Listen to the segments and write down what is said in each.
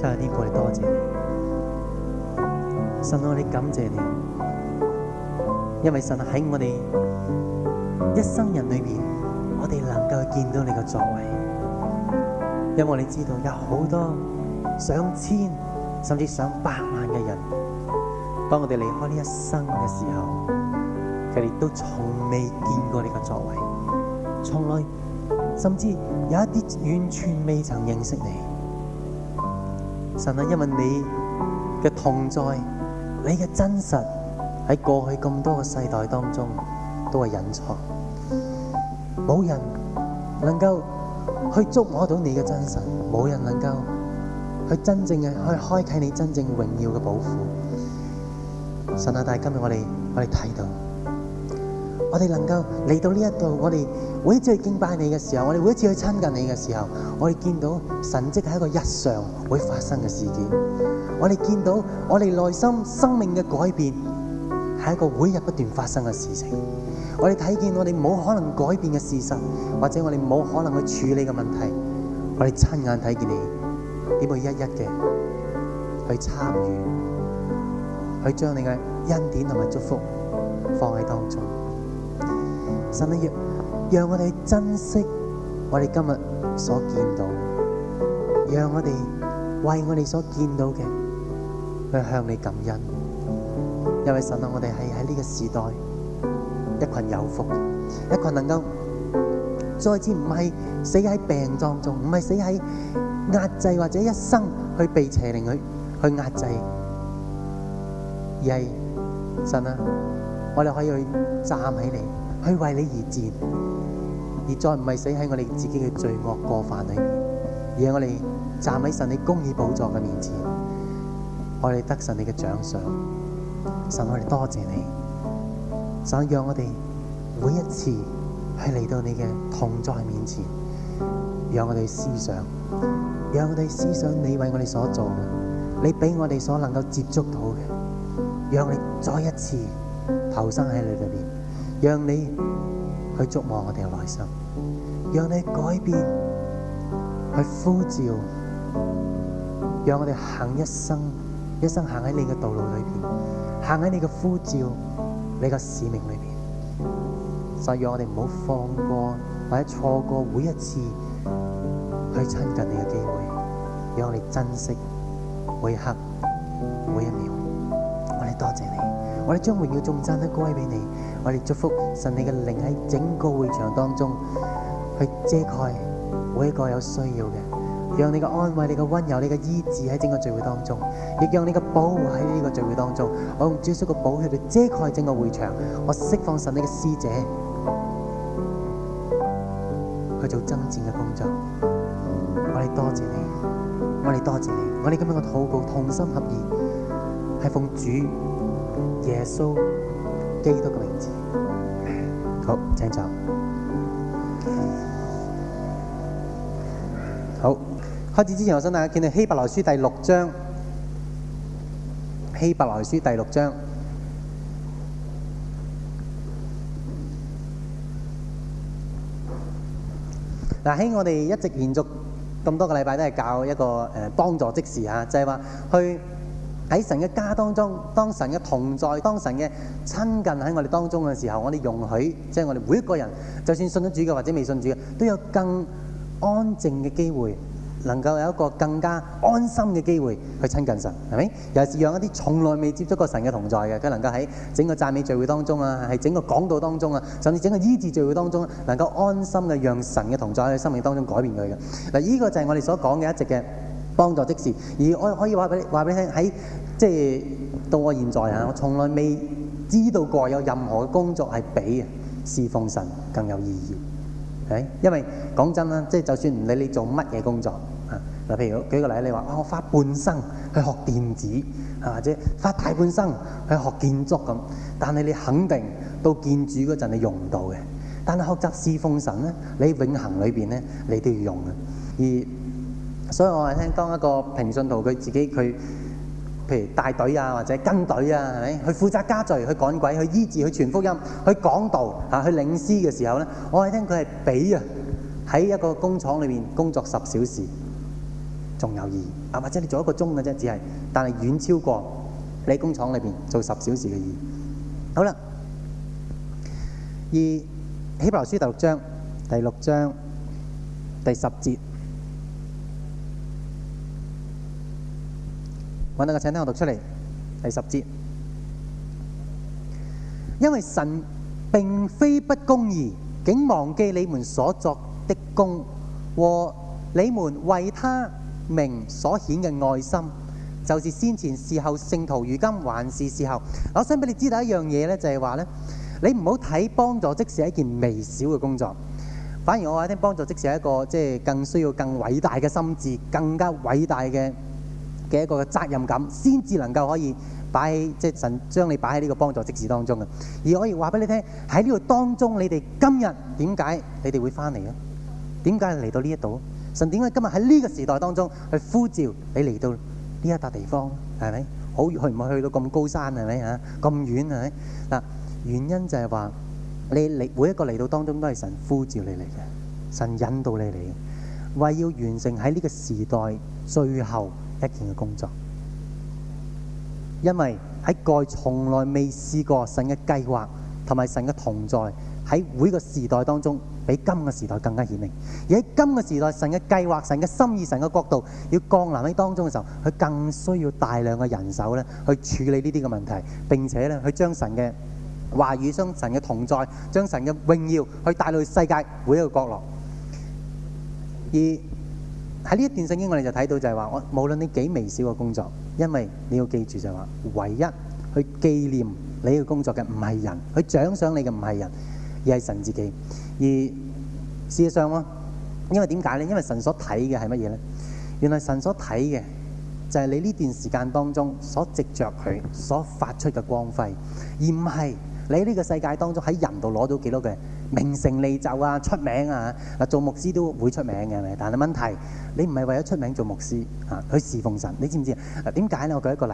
差啲，呢步多謝你，神我哋感謝你，因為神喺我哋一生人裏邊，我哋能夠見到你嘅作為。因為你知道有好多上千甚至上百萬嘅人，當我哋離開呢一生嘅時候，佢哋都從未見過你嘅作為，從來甚至有一啲完全未曾認識你。神啊，因為你嘅同在，你嘅真實喺過去咁多個世代當中都係隱藏，冇人能夠去捉摸到你嘅真實，冇人能夠去真正嘅去開啟你真正榮耀嘅寶庫。神啊，但係今日我哋我哋睇到。我哋能夠嚟到呢一度，我哋每一次去敬拜你嘅時候，我哋每一次去親近你嘅時候，我哋見到神蹟係一個日常會發生嘅事件。我哋見到我哋內心生命嘅改變係一個每日不斷發生嘅事情。我哋睇見我哋冇可能改變嘅事實，或者我哋冇可能去處理嘅問題，我哋親眼睇見你，你會一一嘅去參與，去將你嘅恩典同埋祝福放喺當中。神啊，讓我哋珍惜我哋今日所見到，讓我哋為我哋所見到嘅去向你感恩。因為神啊，我哋係喺呢個時代，一群有福，一群能夠再次唔係死喺病狀中，唔係死喺壓制或者一生去被邪靈去去壓制，而係神啊，我哋可以去站起嚟。去為你而戰，而再唔係死喺我哋自己嘅罪惡過犯裏面，而我哋站喺神你公義寶座嘅面前，我哋得神你嘅獎賞，神我哋多謝你，神，讓我哋每一次去嚟到你嘅同在面前，讓我哋思想，讓我哋思想你為我哋所做嘅，你俾我哋所能夠接觸到嘅，讓你再一次投身喺你裏邊。讓你去觸摸我哋嘅內心，讓你改變，去呼召，讓我哋行一生，一生行喺你嘅道路裏面，行喺你嘅呼召、你嘅使命裏面。再讓我哋唔好放過或者錯過每一次去親近你嘅機會，讓我哋珍惜每一刻每一秒。我哋多謝你，我哋將榮耀重讚的歌俾你。我哋祝福神你嘅靈喺整個會場當中去遮蓋每一個有需要嘅，讓你嘅安慰、你嘅溫柔、你嘅醫治喺整個聚會當中，亦讓你嘅保護喺呢個聚會當中。我用耶穌嘅寶去去遮蓋整個會場，我釋放神你嘅使者去做征戰嘅工作。我哋多謝你，我哋多謝你，我哋今日嘅禱告同心合意，係奉主耶穌。基督嘅名字，好，請坐。好，開始之前，我想大家見到希伯來書第六章。希伯來書第六章。嗱，係，我哋一直延續咁多個禮拜，都係教一個誒幫助即時吓，就係話去。喺神嘅家當中，當神嘅同在，當神嘅親近喺我哋當中嘅時候，我哋容許，即係我哋每一個人，就算信咗主嘅或者未信主嘅，都有更安靜嘅機會，能夠有一個更加安心嘅機會去親近神，係咪？又係讓一啲從來未接觸過神嘅同在嘅，佢能夠喺整個讚美聚會當中啊，喺整個講道當中啊，甚至整個醫治聚會當中，能夠安心嘅讓神嘅同在喺生命當中改變佢嘅。嗱，呢個就係我哋所講嘅一直嘅。幫助即時，而我可以話俾你話俾你聽，喺即係到我現在啊，我從來未知道過有任何工作係比侍奉神更有意義。誒，因為講真啦，即係就算唔理你做乜嘢工作啊，嗱，譬如舉個例，你話哇，我花半生去學電子，嚇或者花大半生去學建築咁，但係你肯定到建築嗰陣你用唔到嘅。但係學習侍奉神咧，你喺永恆裏邊咧，你都要用嘅。而所以我係聽當一個平信徒佢自己佢，譬如帶隊啊或者跟隊啊係咪？去負責加罪、去趕鬼、去醫治、去傳福音、去講道啊、去領詩嘅時候咧，我係聽佢係俾啊喺一個工廠裏邊工作十小時，仲有意義啊？或者你做一個鐘嘅啫，只係，但係遠超過你工廠裏邊做十小時嘅意義。好啦，二希伯來書第六章第六章第十節。揾到一個請聽我讀出嚟，第十節。因為神並非不公義，竟忘記你們所作的工和你們為他名所顯嘅愛心，就是先前伺候聖徒，如今還是伺候。我想俾你知道一樣嘢呢，就係話呢：你唔好睇幫助，即使係一件微小嘅工作，反而我話咧，幫助即使係一個即係、就是、更需要、更偉大嘅心智，更加偉大嘅。嘅一個責任感，先至能夠可以擺喺即係神將你擺喺呢個幫助職事當中嘅。而我可以話俾你聽喺呢個當中，你哋今日點解你哋會翻嚟啊？點解嚟到呢一度？神點解今日喺呢個時代當中去呼召你嚟到呢一笪地方？係咪好去唔去到咁高山？係咪啊咁遠？係咪嗱？原因就係話你嚟每一個嚟到當中都係神呼召你嚟嘅，神引導你嚟嘅，為要完成喺呢個時代最後。一件嘅工作，因為喺蓋從來未試過神嘅計劃同埋神嘅同在，喺每個時代當中，比今個時代更加顯明。而喺今個時代，神嘅計劃、神嘅心意、神嘅角度要降臨喺當中嘅時候，佢更需要大量嘅人手咧，去處理呢啲嘅問題，並且咧去將神嘅話語、將神嘅同在、將神嘅榮耀去帶嚟世界每一個角落。而喺呢一段聖經，我哋就睇到就係話，我無論你幾微小嘅工作，因為你要記住就係話，唯一去紀念你嘅工作嘅唔係人，去獎賞你嘅唔係人，而係神自己。而事實上啊，因為點解咧？因為神所睇嘅係乜嘢咧？原來神所睇嘅就係你呢段時間當中所藉著佢所發出嘅光輝，而唔係你呢個世界當中喺人度攞到幾多嘅。名成利就啊，出名啊！嗱，做牧師都會出名嘅，係咪？但係問題是，你唔係為咗出名做牧師啊，去侍奉神。你知唔知啊？嗱，點解咧？我舉一個例，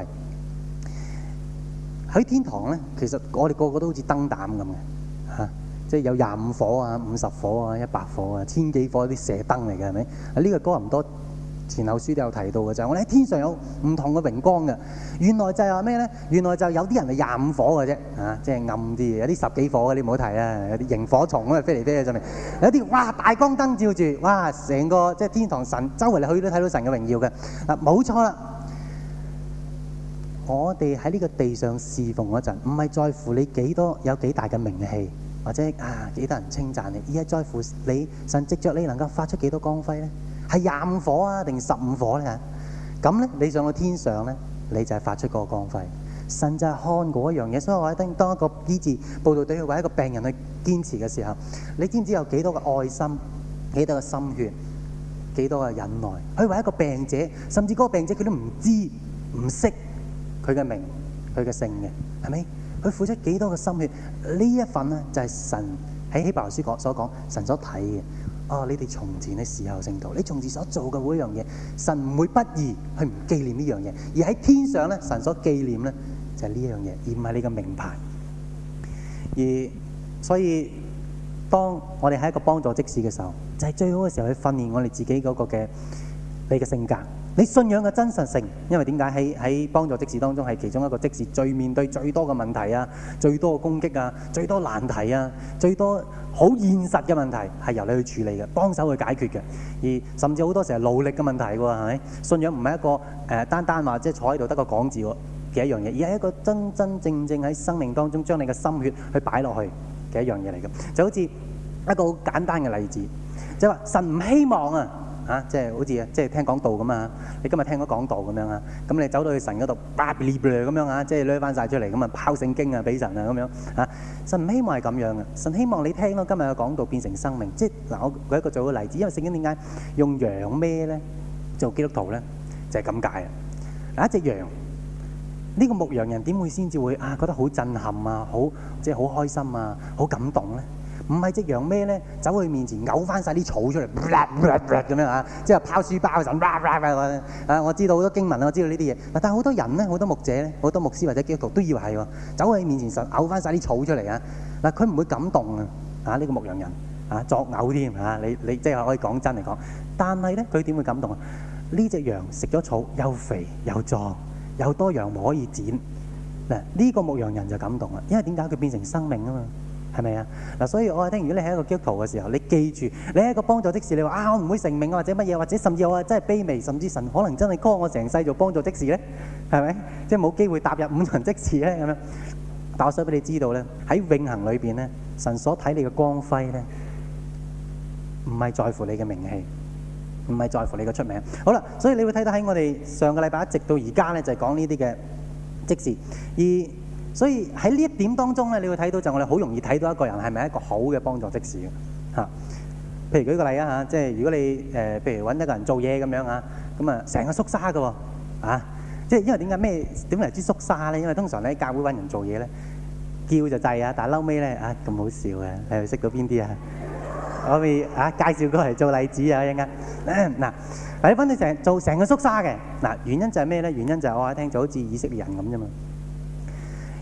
喺天堂咧，其實我哋個個都好似燈膽咁嘅嚇，即係有廿五火啊、五十火啊、一百火啊、千幾火啲、啊、射燈嚟嘅，係咪？啊，呢、呢個歌唔多。前後書都有提到嘅，就係我哋喺天上有唔同嘅榮光嘅，原來就係話咩咧？原來就有啲人係廿五火嘅啫，嚇、啊，即係暗啲嘅；有啲十幾火嘅，你唔好睇啊，有啲螢火蟲咁啊飛嚟飛去上面，有啲哇大光燈照住，哇成個即係天堂神周圍嚟去都睇到神嘅榮耀嘅嗱，冇錯啦！我哋喺呢個地上侍奉嗰陣，唔係在乎你幾多有幾大嘅名氣，或者啊幾多人稱讚你，而係在乎你神藉著你能夠發出幾多光輝咧。係廿五火啊，定十五火咧？咁咧，你上到天上咧，你就係發出個光輝，甚至係看過一樣嘢。所以我喺當一個醫治、報道隊去為一個病人去堅持嘅時候，你知唔知有幾多嘅愛心、幾多嘅心血、幾多嘅忍耐去為一個病者，甚至嗰個病者佢都唔知、唔識佢嘅名、佢嘅姓嘅，係咪？佢付出幾多嘅心血？呢一份呢，就係神喺希伯來書所講神所睇嘅。哦，你哋從前嘅時候聖徒，你從前所做嘅每一樣嘢，神唔會不義去唔紀念呢樣嘢，而喺天上咧，神所紀念咧就係呢樣嘢，而唔係你嘅名牌。而所以，當我哋喺一個幫助即時嘅時候，就係、是、最好嘅時候去訓練我哋自己嗰個嘅你嘅性格。你信仰嘅真實性，因為點解喺喺幫助職事當中係其中一個職事最面對最多嘅問題啊，最多嘅攻擊啊，最多難題啊，最多好現實嘅問題係由你去處理嘅，幫手去解決嘅。而甚至好多時係努力嘅問題喎、啊，係咪？信仰唔係一個誒、呃、單單話即係坐喺度得個講字嘅一樣嘢，而係一個真真正正喺生命當中將你嘅心血去擺落去嘅一樣嘢嚟嘅。就好似一個好簡單嘅例子，即係話神唔希望啊。嚇，即係好似啊，即係聽講道咁啊！你今日聽咗講道咁樣啊，咁你走到去神嗰度，叭哩噥咁樣啊，即係攆返晒出嚟咁啊，拋聖經啊，俾神啊咁樣啊！神唔希望係咁樣嘅，神希望你聽到今日嘅講道變成生命。即係嗱，我舉一個最好嘅例子，因為聖經點解用羊咩咧？做基督徒咧，就係咁解啊！嗱，一隻羊，呢個牧羊人點會先至會啊覺得好震撼啊，好即係好開心啊，好感動咧？唔係隻羊咩咧？走去面前嘔翻曬啲草出嚟，咁樣啊，即係拋書包嗰陣，啊！我知道好多經文啦，我知道呢啲嘢。嗱，但係好多人咧，好多牧者咧，好多牧師或者基督徒都以為係喎，走去面前實嘔翻曬啲草出嚟啊！嗱，佢唔會感動啊！啊，呢個牧羊人啊，作嘔添嚇你，你即係可以講真嚟講。但係咧，佢點會感動啊？呢隻羊食咗草又肥又壯，又多羊毛可以剪。嗱，呢個牧羊人就感動啦，因為點解佢變成生命啊嘛？係咪啊？嗱，所以我話聽完，如果你係一個基督徒嘅時候，你記住，你係一個幫助職事，你話啊，我唔會成名啊，或者乜嘢，或者甚至我話真係卑微，甚至神可能真係 call 我成世做幫助職事咧，係咪？即係冇機會踏入五重職事咧咁樣。但係我想俾你知道咧，喺永恆裏邊咧，神所睇你嘅光輝咧，唔係在乎你嘅名氣，唔係在乎你嘅出名。好啦，所以你會睇到喺我哋上個禮拜一直到而家咧，就係講呢啲嘅職事，而所以喺呢一點當中咧，你會睇到就我哋好容易睇到一個人係咪一個好嘅幫助職事嘅。譬如舉一個例啊嚇，即係如果你誒、呃、譬如揾一個人做嘢咁樣嚇，咁啊成個縮沙嘅喎啊！即係因為點解咩點嚟知縮沙咧？因為通常你喺教會揾人做嘢咧，叫就制啊，但係嬲尾咧啊咁好笑嘅、啊，你咪識到邊啲啊？我咪啊介紹過嚟做例子啊一陣間嗱，啊、你反正成做成個縮沙嘅嗱、啊，原因就係咩咧？原因就係、是、我一聽就好似以色列人咁啫嘛。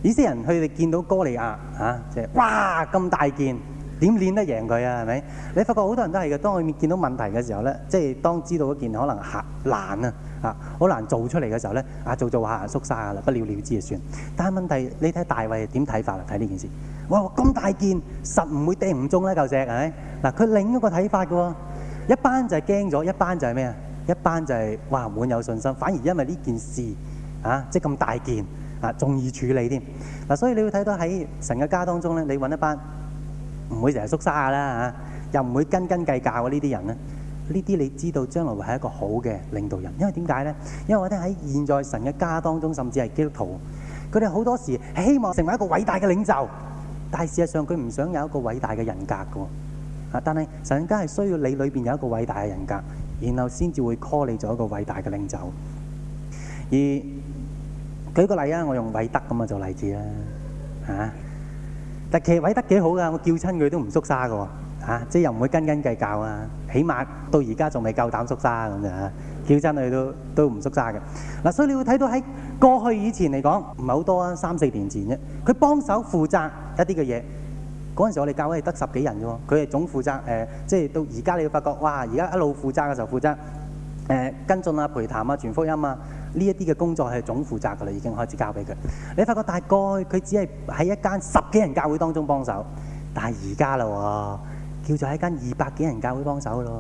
呢啲人佢哋見到歌利亞嚇，即、啊、係、就是、哇咁大件，點練得贏佢啊？係咪？你發覺好多人都係嘅。當佢見到問題嘅時候呢，即係當知道一件可能嚇難啊好難做出嚟嘅時候呢，啊做做下縮沙不了，了了之就算。但問問題，你睇大衛點睇法看睇呢件事，哇咁大件，實唔會掟唔中呢？夠係咪？嗱，佢另一個睇法喎，一班就係驚咗，一班就係咩？一班就係、是、哇滿有信心，反而因為呢件事啊，即、就、咁、是、大件。仲，容易處理添。嗱，所以你要睇到喺神嘅家當中咧，你揾一班唔會成日縮沙嘅啦嚇，又唔會斤斤計較嘅呢啲人咧，呢啲你知道將來會係一個好嘅領導人。因為點解咧？因為我哋喺現在神嘅家當中，甚至係基督徒，佢哋好多時係希望成為一個偉大嘅領袖，但係事實上佢唔想有一個偉大嘅人格嘅。啊，但係神家係需要你裏邊有一個偉大嘅人格，然後先至會 call 你做一個偉大嘅領袖。而舉個例啊，我用偉德咁啊做例子啦嚇、啊。但其實偉德幾好噶，我叫親佢都唔縮沙噶喎、啊、即係又唔會斤斤計較啊。起碼到而家仲未夠膽縮沙咁樣、啊、叫親佢都都唔縮沙嘅。嗱、啊，所以你會睇到喺過去以前嚟講唔係好多啊，三四年前啫，佢幫手負責一啲嘅嘢。嗰陣時我哋教會得十幾人啫喎，佢係總負責誒、呃，即係到而家你會發覺哇，而家一路負責嘅時候負責誒、呃、跟進啊、陪談啊、全福音啊。呢一啲嘅工作係總負責㗎啦，已經開始交俾佢。你發覺大概佢只係喺一間十幾人教會當中幫手，但係而家啦喎，叫做喺一間二百幾人教會幫手啦，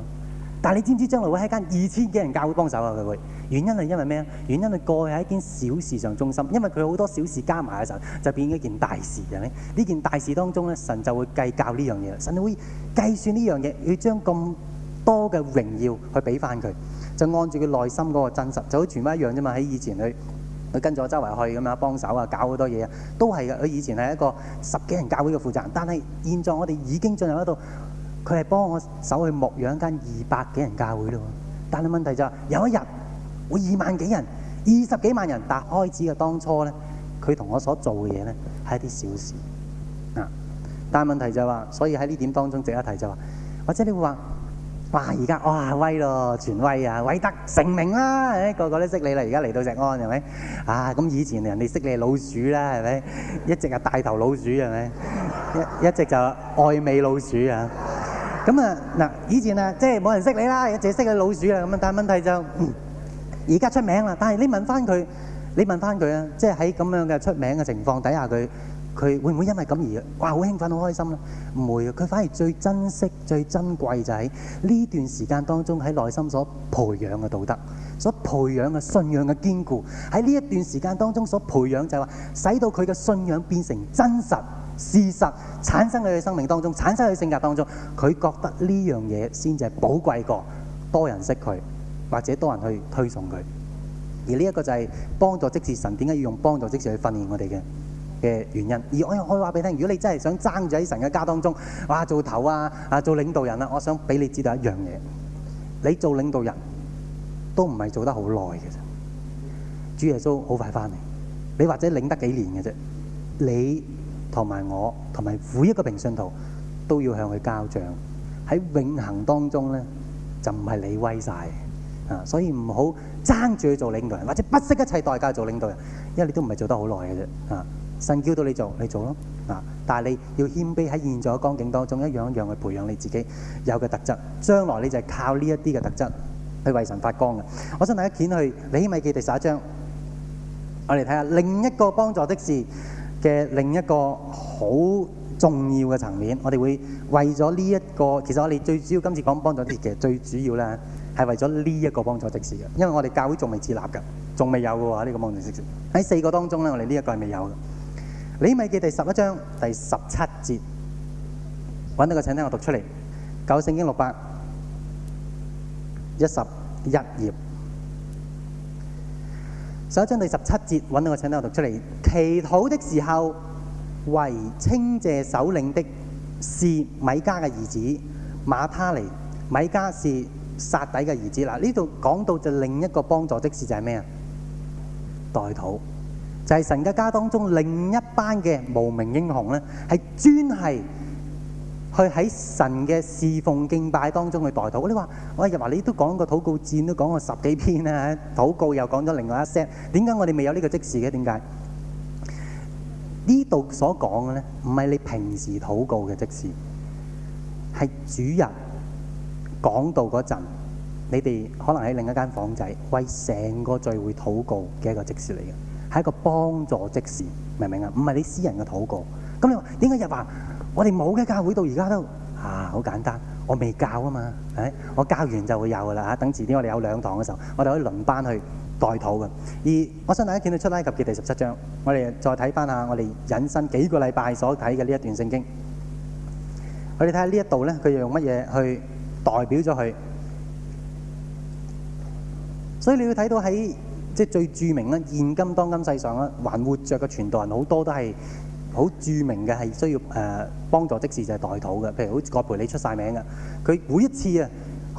但係你知唔知將來會喺一間二千幾人教會幫手啊？佢會原因係因為咩啊？原因係過去喺一件小事上忠心，因為佢好多小事加埋嘅時候就變咗一件大事嘅呢，呢件大事當中咧，神就會計較呢樣嘢啦。神會計算呢樣嘢，要將咁多嘅榮耀去俾翻佢。就按住佢內心嗰個真實，就好全部一樣啫嘛。喺以前佢佢跟住我周圍去咁啊，幫手啊，搞好多嘢啊，都係嘅。佢以前係一個十幾人教會嘅負責人，但係現在我哋已經進入一度，佢係幫我手去牧養間二百幾人教會咯。但係問題就係，有一日我二萬幾人、二十幾萬人達開始嘅當初咧，佢同我所做嘅嘢咧係一啲小事啊。但係問題就話，所以喺呢點當中值得一提就話，或者你會話。哇！而家哇威咯，權威啊，威得成名啦！誒，個個都識你啦。而家嚟到石安係咪？啊，咁以前人哋識你係老鼠啦，係咪？一直係大頭老鼠係咪？一一直就愛美老鼠啊！咁啊嗱，以前啊，即係冇人識你啦，一直識你老鼠啦，咁樣。但係問題就，而家出名啦。但係你問翻佢，你問翻佢啊，即係喺咁樣嘅出名嘅情況底下佢。佢會唔會因為咁而哇好興奮好開心咧？唔會，佢反而最珍惜、最珍貴就喺呢段時間當中，喺內心所培養嘅道德、所培養嘅信仰嘅堅固，喺呢一段時間當中所培養就係話，使到佢嘅信仰變成真實事實，產生佢嘅生命當中、產生佢性格當中，佢覺得呢樣嘢先至係寶貴過多人識佢或者多人去推崇佢。而呢一個就係幫助即時神，點解要用幫助即時去訓練我哋嘅？嘅原因，而我又可以話俾你聽。如果你真係想爭住喺神嘅家當中，哇做頭啊，啊做領導人啊，我想俾你知道一樣嘢：你做領導人都唔係做得好耐嘅。啫，主耶穌好快翻嚟，你或者領得幾年嘅啫。你同埋我同埋每一個平信徒都要向佢交賬喺永恆當中咧，就唔係你威晒，啊。所以唔好爭住去做領導人，或者不惜一切代價做領導人，因為你都唔係做得好耐嘅啫啊。神叫到你做，你做咯啊！但係你要謙卑喺現在嘅光景當中，一樣一樣去培養你自己有嘅特質。將來你就係靠呢一啲嘅特質去為神發光嘅。我想大家攪去，你起碼記得寫一張，我哋睇下另一個幫助職事嘅另一個好重要嘅層面。我哋會為咗呢一個，其實我哋最主要今次講幫助職事，其實最主要咧係為咗呢一個幫助職事嘅，因為我哋教會仲未設立嘅，仲未有嘅喎。呢個幫助職事喺四個當中咧，我哋呢一個係未有嘅。尼希米記第十,一章第十,一,一,十一,一章第十七節，揾到個請聽我讀出嚟。舊聖經六百一十一頁，十一章第十七節，揾到個請聽我讀出嚟。祈禱的時候，為清謝首領的是米迦嘅兒子馬他尼。米迦是撒底嘅兒子。嗱，呢度講到就另一個幫助的事就係咩啊？代禱。就係、是、神嘅家當中另一班嘅無名英雄咧，係專係去喺神嘅侍奉敬拜當中去代禱。你話我日話你都講過禱告戰都講過十幾篇啊，禱告又講咗另外一 set，點解我哋未有呢個職事嘅？點解呢度所講嘅咧，唔係你平時禱告嘅職事，係主日講道嗰陣，你哋可能喺另一間房仔為成個聚會禱告嘅一個職事嚟嘅。係一個幫助即時，明唔明啊？唔係你私人嘅禱告。咁你話點解又話我哋冇嘅教會到而家都啊，好簡單，我未教啊嘛？誒，我教完就會有噶啦嚇。等遲啲我哋有兩堂嘅時候，我哋可以輪班去代禱嘅。而我想大家見到出埃及記第十七章，我哋再睇翻下我哋引申幾個禮拜所睇嘅呢一段聖經。我哋睇下呢一度咧，佢用乜嘢去代表咗佢？所以你要睇到喺。即係最著名啦！現今當今世上啦，還活着嘅傳道人好多都係好著名嘅，係需要誒、呃、幫助，即時就係代禱嘅。譬如好似葛培理出晒名嘅，佢每一次啊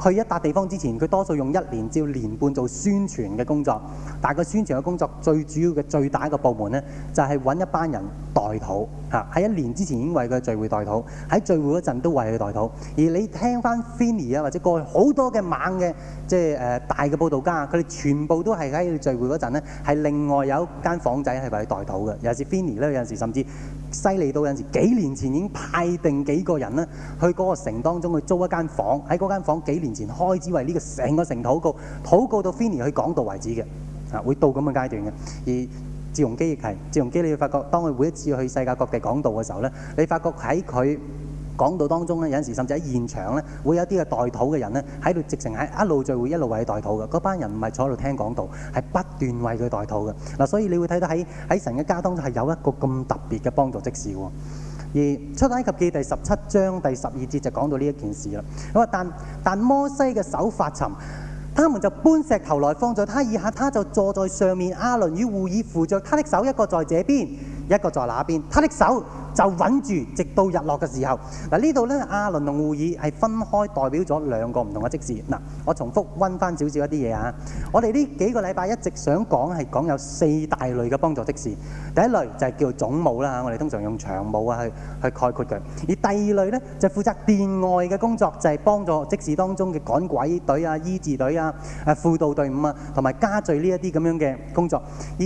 去一笪地方之前，佢多數用一年至一年半做宣傳嘅工作。但係佢宣傳嘅工作最主要嘅最大一個部門咧，就係、是、揾一班人。代禱嚇喺一年之前已經為佢聚會代禱，喺聚會嗰陣都為佢代禱。而你聽翻 Finney 啊，或者過去好多嘅猛嘅，即係誒大嘅佈道家，佢哋全部都係喺聚會嗰陣咧，係另外有一間房仔係為佢代禱嘅。Finney，有時 Finney 咧，有陣時甚至犀利到有陣時幾年前已經派定幾個人咧，去嗰個城當中去租一間房，喺嗰間房幾年前開始為呢、這個成個城禱告，禱告到 Finney 去講道為止嘅，嚇會到咁嘅階段嘅。而趙鏞基亦係趙鏞基，你要發覺，當佢每一次去世界各地講道嘅時候咧，你發覺喺佢講道當中咧，有陣時甚至喺現場咧，會有啲嘅代禱嘅人咧，喺度直情喺一路聚會，一路為佢代禱嘅。嗰班人唔係坐喺度聽講道，係不斷為佢代禱嘅。嗱、啊，所以你會睇到喺喺神嘅家當中係有一個咁特別嘅幫助，即是喎。而出埃及記第十七章第十二節就講到呢一件事啦。咁啊，但但摩西嘅手發沉。他們就搬石頭來放在他以下，他就坐在上面。亞倫與戶珥扶着他的手，一個在這邊，一個在那邊，他的手就穩住，直到日落嘅時候。嗱，呢度咧，阿倫同胡爾係分開代表咗兩個唔同嘅職事。嗱，我重複溫翻少少一啲嘢啊。我哋呢幾個禮拜一直想講係講有四大類嘅幫助職事。第一類就係叫做總務啦，我哋通常用長務啊去去概括佢。而第二類咧就負責殿外嘅工作，就係幫助職事當中嘅趕鬼隊啊、醫治隊啊、誒輔導隊伍啊，同埋加聚呢一啲咁樣嘅工作。而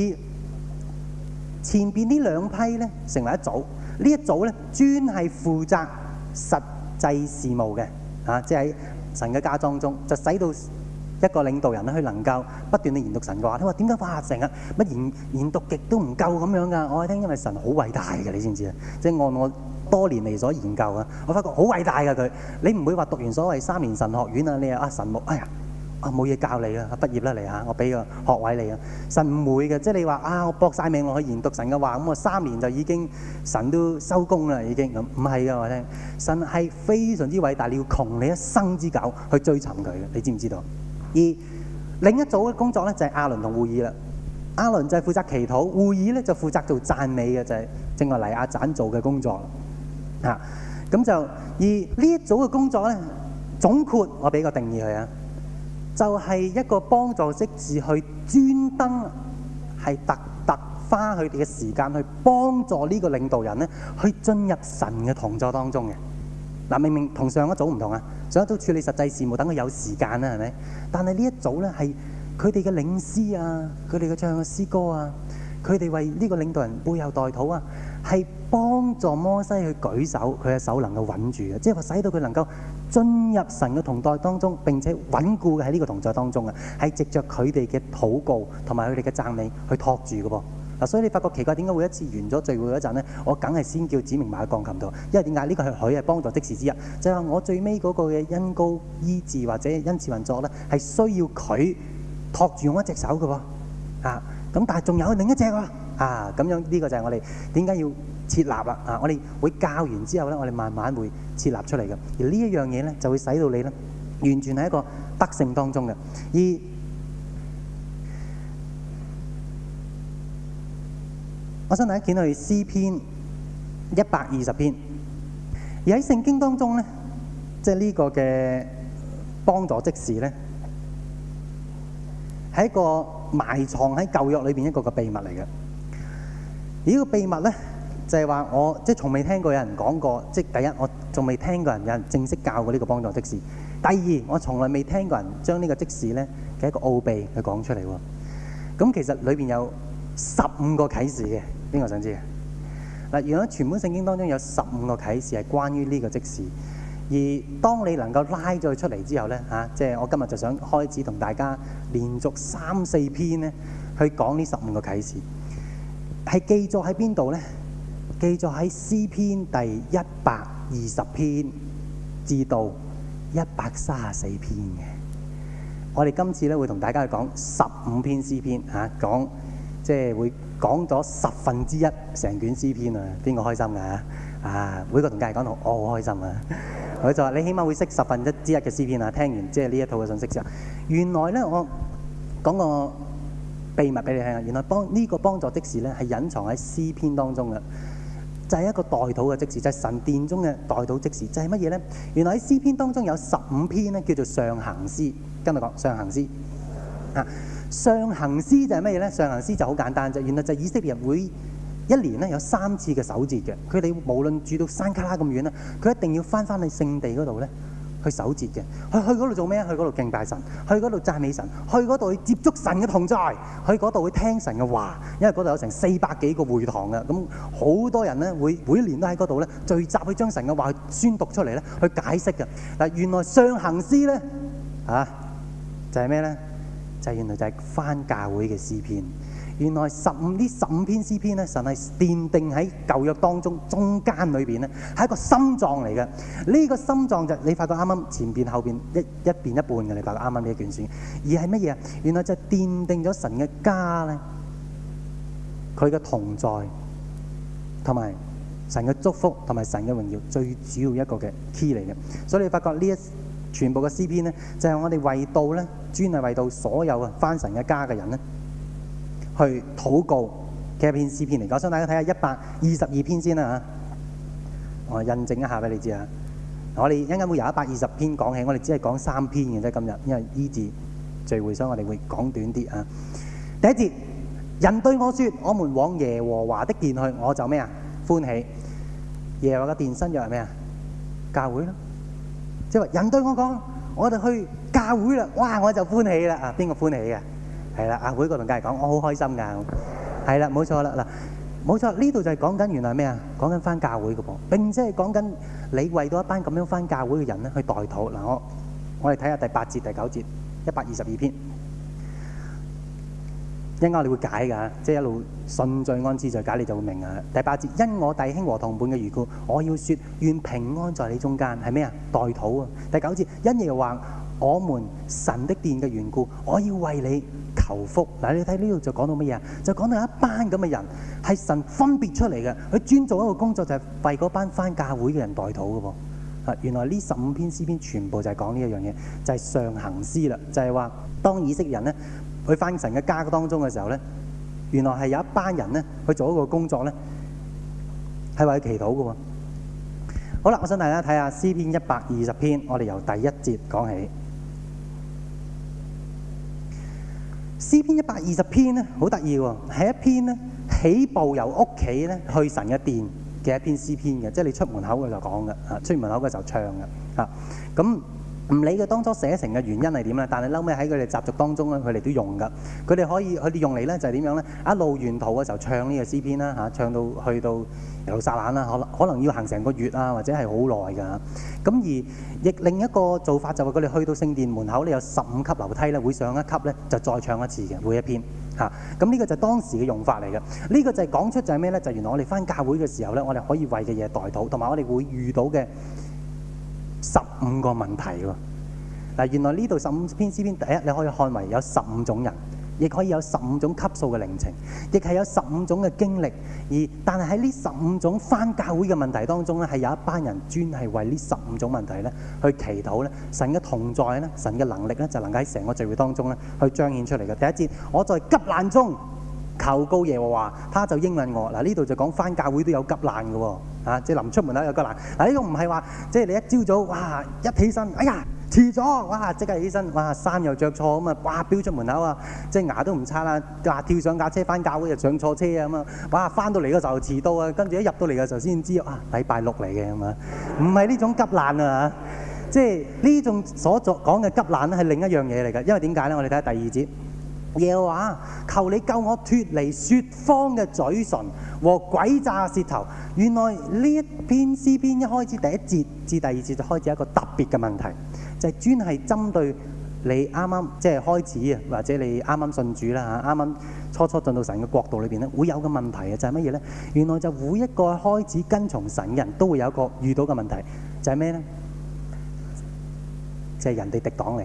前邊呢兩批咧成為一組，呢一組咧專係負責實際事務嘅。啊，即係喺神嘅家莊中，就使到一個領導人咧去能夠不斷去研讀神嘅話。你話點解化唔成啊？乜研研讀極都唔夠咁樣㗎？我係聽因為神好偉大嘅，你知唔知啊？即係按我多年嚟所研究啊，我發覺好偉大嘅佢，你唔會話讀完所謂三年神學院啊，你啊神木。哎呀～啊，冇嘢教你啊，畢業啦，嚟嚇，我俾個學位你啊！神唔會嘅，即係你話啊，我搏晒命落去研讀神嘅話，咁啊三年就已經神都收工啦，已經咁唔係噶我聽，神係非常之偉大，你要窮你一生之久去追尋佢嘅，你知唔知道？而另一組嘅工作咧就係、是、亞倫同戶珥啦，亞倫就係負責祈禱，戶珥咧就負責做讚美嘅，就係、是、正話黎阿展做嘅工作啦咁、啊、就而呢一組嘅工作咧總括我俾個定義佢啊。就係、是、一個幫助職事去專登係特特花佢哋嘅時間去幫助呢個領導人咧，去進入神嘅同在當中嘅。嗱，明明同上一組唔同啊，上一組處理實際事務，等佢有時間啦，係咪？但係呢一組咧，係佢哋嘅領詩啊，佢哋嘅唱嘅詩歌啊，佢哋為呢個領導人背後代禱啊，係幫助摩西去舉手，佢嘅手能夠穩住嘅，即係話使到佢能夠。進入神嘅同在當中，並且穩固喺呢個同在當中嘅，係藉着佢哋嘅禱告同埋佢哋嘅讚美去托住嘅噃。啊，所以你發覺奇怪，點解會一次完咗聚會嗰陣咧？我梗係先叫指明埋喺鋼琴度，因為點解呢個係佢係幫助的士之一，就係、是、我最尾嗰個嘅恩膏醫治或者恩賜運作咧，係需要佢托住用一隻手嘅喎。啊，咁但係仲有另一隻喎、啊。啊，咁樣呢、這個就係我哋點解要？設立啦啊！我哋會教完之後咧，我哋慢慢會設立出嚟嘅。而呢一樣嘢咧，就會使到你咧，完全係一個得勝當中嘅。而我想大家見到詩篇一百二十篇，而喺聖經當中咧，即係呢個嘅幫助，即時咧係一個埋藏喺舊約裏邊一個嘅秘密嚟嘅。而呢個秘密咧。就係話，我即係從未聽過有人講過。即係第一，我仲未聽過人有人正式教過呢個幫助的士。第二，我從來未聽過人將呢個即士呢，嘅一個奧秘去講出嚟喎。咁其實裏邊有十五個啟示嘅，邊個想知嘅嗱？原來全本聖經當中有十五個啟示係關於呢個即士，而當你能夠拉咗出嚟之後呢，嚇，即係我今日就想開始同大家連續三四篇講這呢，去講呢十五個啟示係記載喺邊度呢？記住在喺詩篇第一百二十篇至到一百三十四篇嘅，我哋今次咧會同大家去講十五篇詩篇嚇，講即係會講咗十分之一成卷詩篇啊！邊個開心㗎、啊？啊，每個同家人講到我好開心啊！佢 就話你起碼會識十分一之一嘅詩篇啊！聽完即係呢一套嘅信息之後，原來咧我講個秘密俾你聽啊！原來幫呢、這個幫助的士咧係隱藏喺詩篇當中嘅。就係、是、一個代禱嘅職事，就係、是、神殿中嘅代禱職事。就係乜嘢咧？原來喺詩篇當中有十五篇咧，叫做上行詩。今日講上行詩。啊，上行詩就係乜嘢咧？上行詩就好簡單啫。原來就是以色列會一年咧有三次嘅守節嘅，佢哋無論住到山卡拉咁遠啦，佢一定要翻返去聖地嗰度咧。去守節嘅，去嗰度做咩？去嗰度敬拜神，去嗰度讚美神，去嗰度去接觸神嘅同在，去嗰度去聽神嘅話，因為嗰度有成原來十五呢十五篇詩篇咧，神係奠定喺舊約當中中間裏邊咧，係一個心臟嚟嘅。呢個心臟就你發覺啱啱前邊後邊一一邊一半嘅，你發覺啱啱呢一件事。而係乜嘢啊？原來就係奠定咗神嘅家咧，佢嘅同在同埋神嘅祝福同埋神嘅榮耀，最主要一個嘅 key 嚟嘅。所以你發覺呢一全部嘅詩篇咧，就係我哋為到咧，專係為到所有翻神嘅家嘅人咧。去禱告，其實一篇詩篇嚟講，想大家睇下一百二十二篇先啦嚇。我印證一下俾你知啊。我哋一陣間會由一百二十篇講起，我哋只係講三篇嘅啫。今日因為呢次聚會，所以我哋會講短啲啊。第一節，人對我説：我們往耶和華的殿去，我就咩啊？歡喜。耶和華的殿，新約係咩啊？教會咯。即係話，人對我講：我哋去教會啦，哇！我就歡喜啦。啊，邊個歡喜嘅？係啦，阿會哥同佳怡講，我好開心㗎。係啦，冇錯啦，嗱，冇錯，呢度就係講緊原來咩啊？講緊返教會嘅噃，並且係講緊你為到一班咁樣返教會嘅人咧去代禱。嗱，我我哋睇下第八節、第九節，一百二十二篇。一陣間我哋會解㗎，即係一路順序、按次序解，你就會明啊。第八節，因我弟兄和同伴嘅緣故，我要説，願平安在你中間，係咩啊？代禱啊！第九節，因耶和華。我們神的殿嘅緣故，我要為你求福。嗱，你睇呢度就講到乜嘢啊？就講到一班咁嘅人係神分別出嚟嘅，佢專做一個工作，就係為嗰班翻教會嘅人代禱嘅喎。原來呢十五篇詩篇全部就係講呢一樣嘢，就係上行詩啦。就係話當以色列人呢去翻神嘅家當中嘅時候呢，原來係有一班人呢去做一個工作呢，係為佢祈禱嘅。好啦，我想大家睇下詩篇一百二十篇，我哋由第一節講起。詩篇一百二十篇咧，好得意喎，係一篇咧起步由屋企咧去神嘅殿嘅一篇詩篇嘅，即係你出門口佢就講嘅。啊出門口嘅就唱嘅，啊咁唔理佢當初寫成嘅原因係點啦，但係嬲尾喺佢哋習俗當中咧，佢哋都用噶，佢哋可以佢哋用嚟咧就係點樣咧，一路沿途嘅就唱呢個詩篇啦，嚇、啊、唱到去到路撒冷啦，可可能要行成個月啊，或者係好耐㗎。咁而亦另一個做法就係佢哋去到聖殿門口，咧有十五級樓梯咧，會上一級咧，就再唱一次嘅每一篇嚇。咁、啊、呢、這個就係當時嘅用法嚟嘅。呢、這個就係講出就係咩咧？就係、原來我哋返教會嘅時候咧，我哋可以為嘅嘢代禱，同埋我哋會遇到嘅十五個問題喎。嗱、啊，原來呢度十五篇詩篇，篇第一你可以看為有十五種人。亦可以有十五種級數嘅靈情，亦係有十五種嘅經歷。而但係喺呢十五種翻教會嘅問題當中咧，係有一班人專係為呢十五種問題咧去祈禱咧，神嘅同在咧，神嘅能力咧，就能夠喺成個聚會當中咧去彰顯出嚟嘅。第一節，我在急難中求告耶和華，他就應允我。嗱，呢度就講翻教會都有急難嘅喎，即、啊、係、就是、臨出門啦有急難。嗱，呢個唔係話，即係、就是、你一朝早哇一起身哎呀。遲咗哇！即刻起身哇！衫又着錯咁啊！哇！飈出門口啊！即係牙都唔刷啦，話跳上架車翻教會就上錯車啊咁啊！哇！翻到嚟嘅時候遲到啊，跟住一入到嚟嘅時候先知啊，禮拜六嚟嘅咁啊，唔係呢種急難啊！即係呢種所作講嘅急難咧，係另一樣嘢嚟嘅。因為點解咧？我哋睇下第二節，耶華，求你救我脱離說謊嘅嘴唇和詭詐嘅舌頭。原來呢一篇詩篇一開始第一節至第二節就開始一個特別嘅問題。就係、是、專係針對你啱啱即係開始啊，或者你啱啱信主啦嚇，啱啱初初進到神嘅國度裏邊咧，會有個問題啊！就係乜嘢咧？原來就每一個開始跟從神嘅人都會有一個遇到嘅問題，就係咩咧？就係、是、人哋敵擋嚟，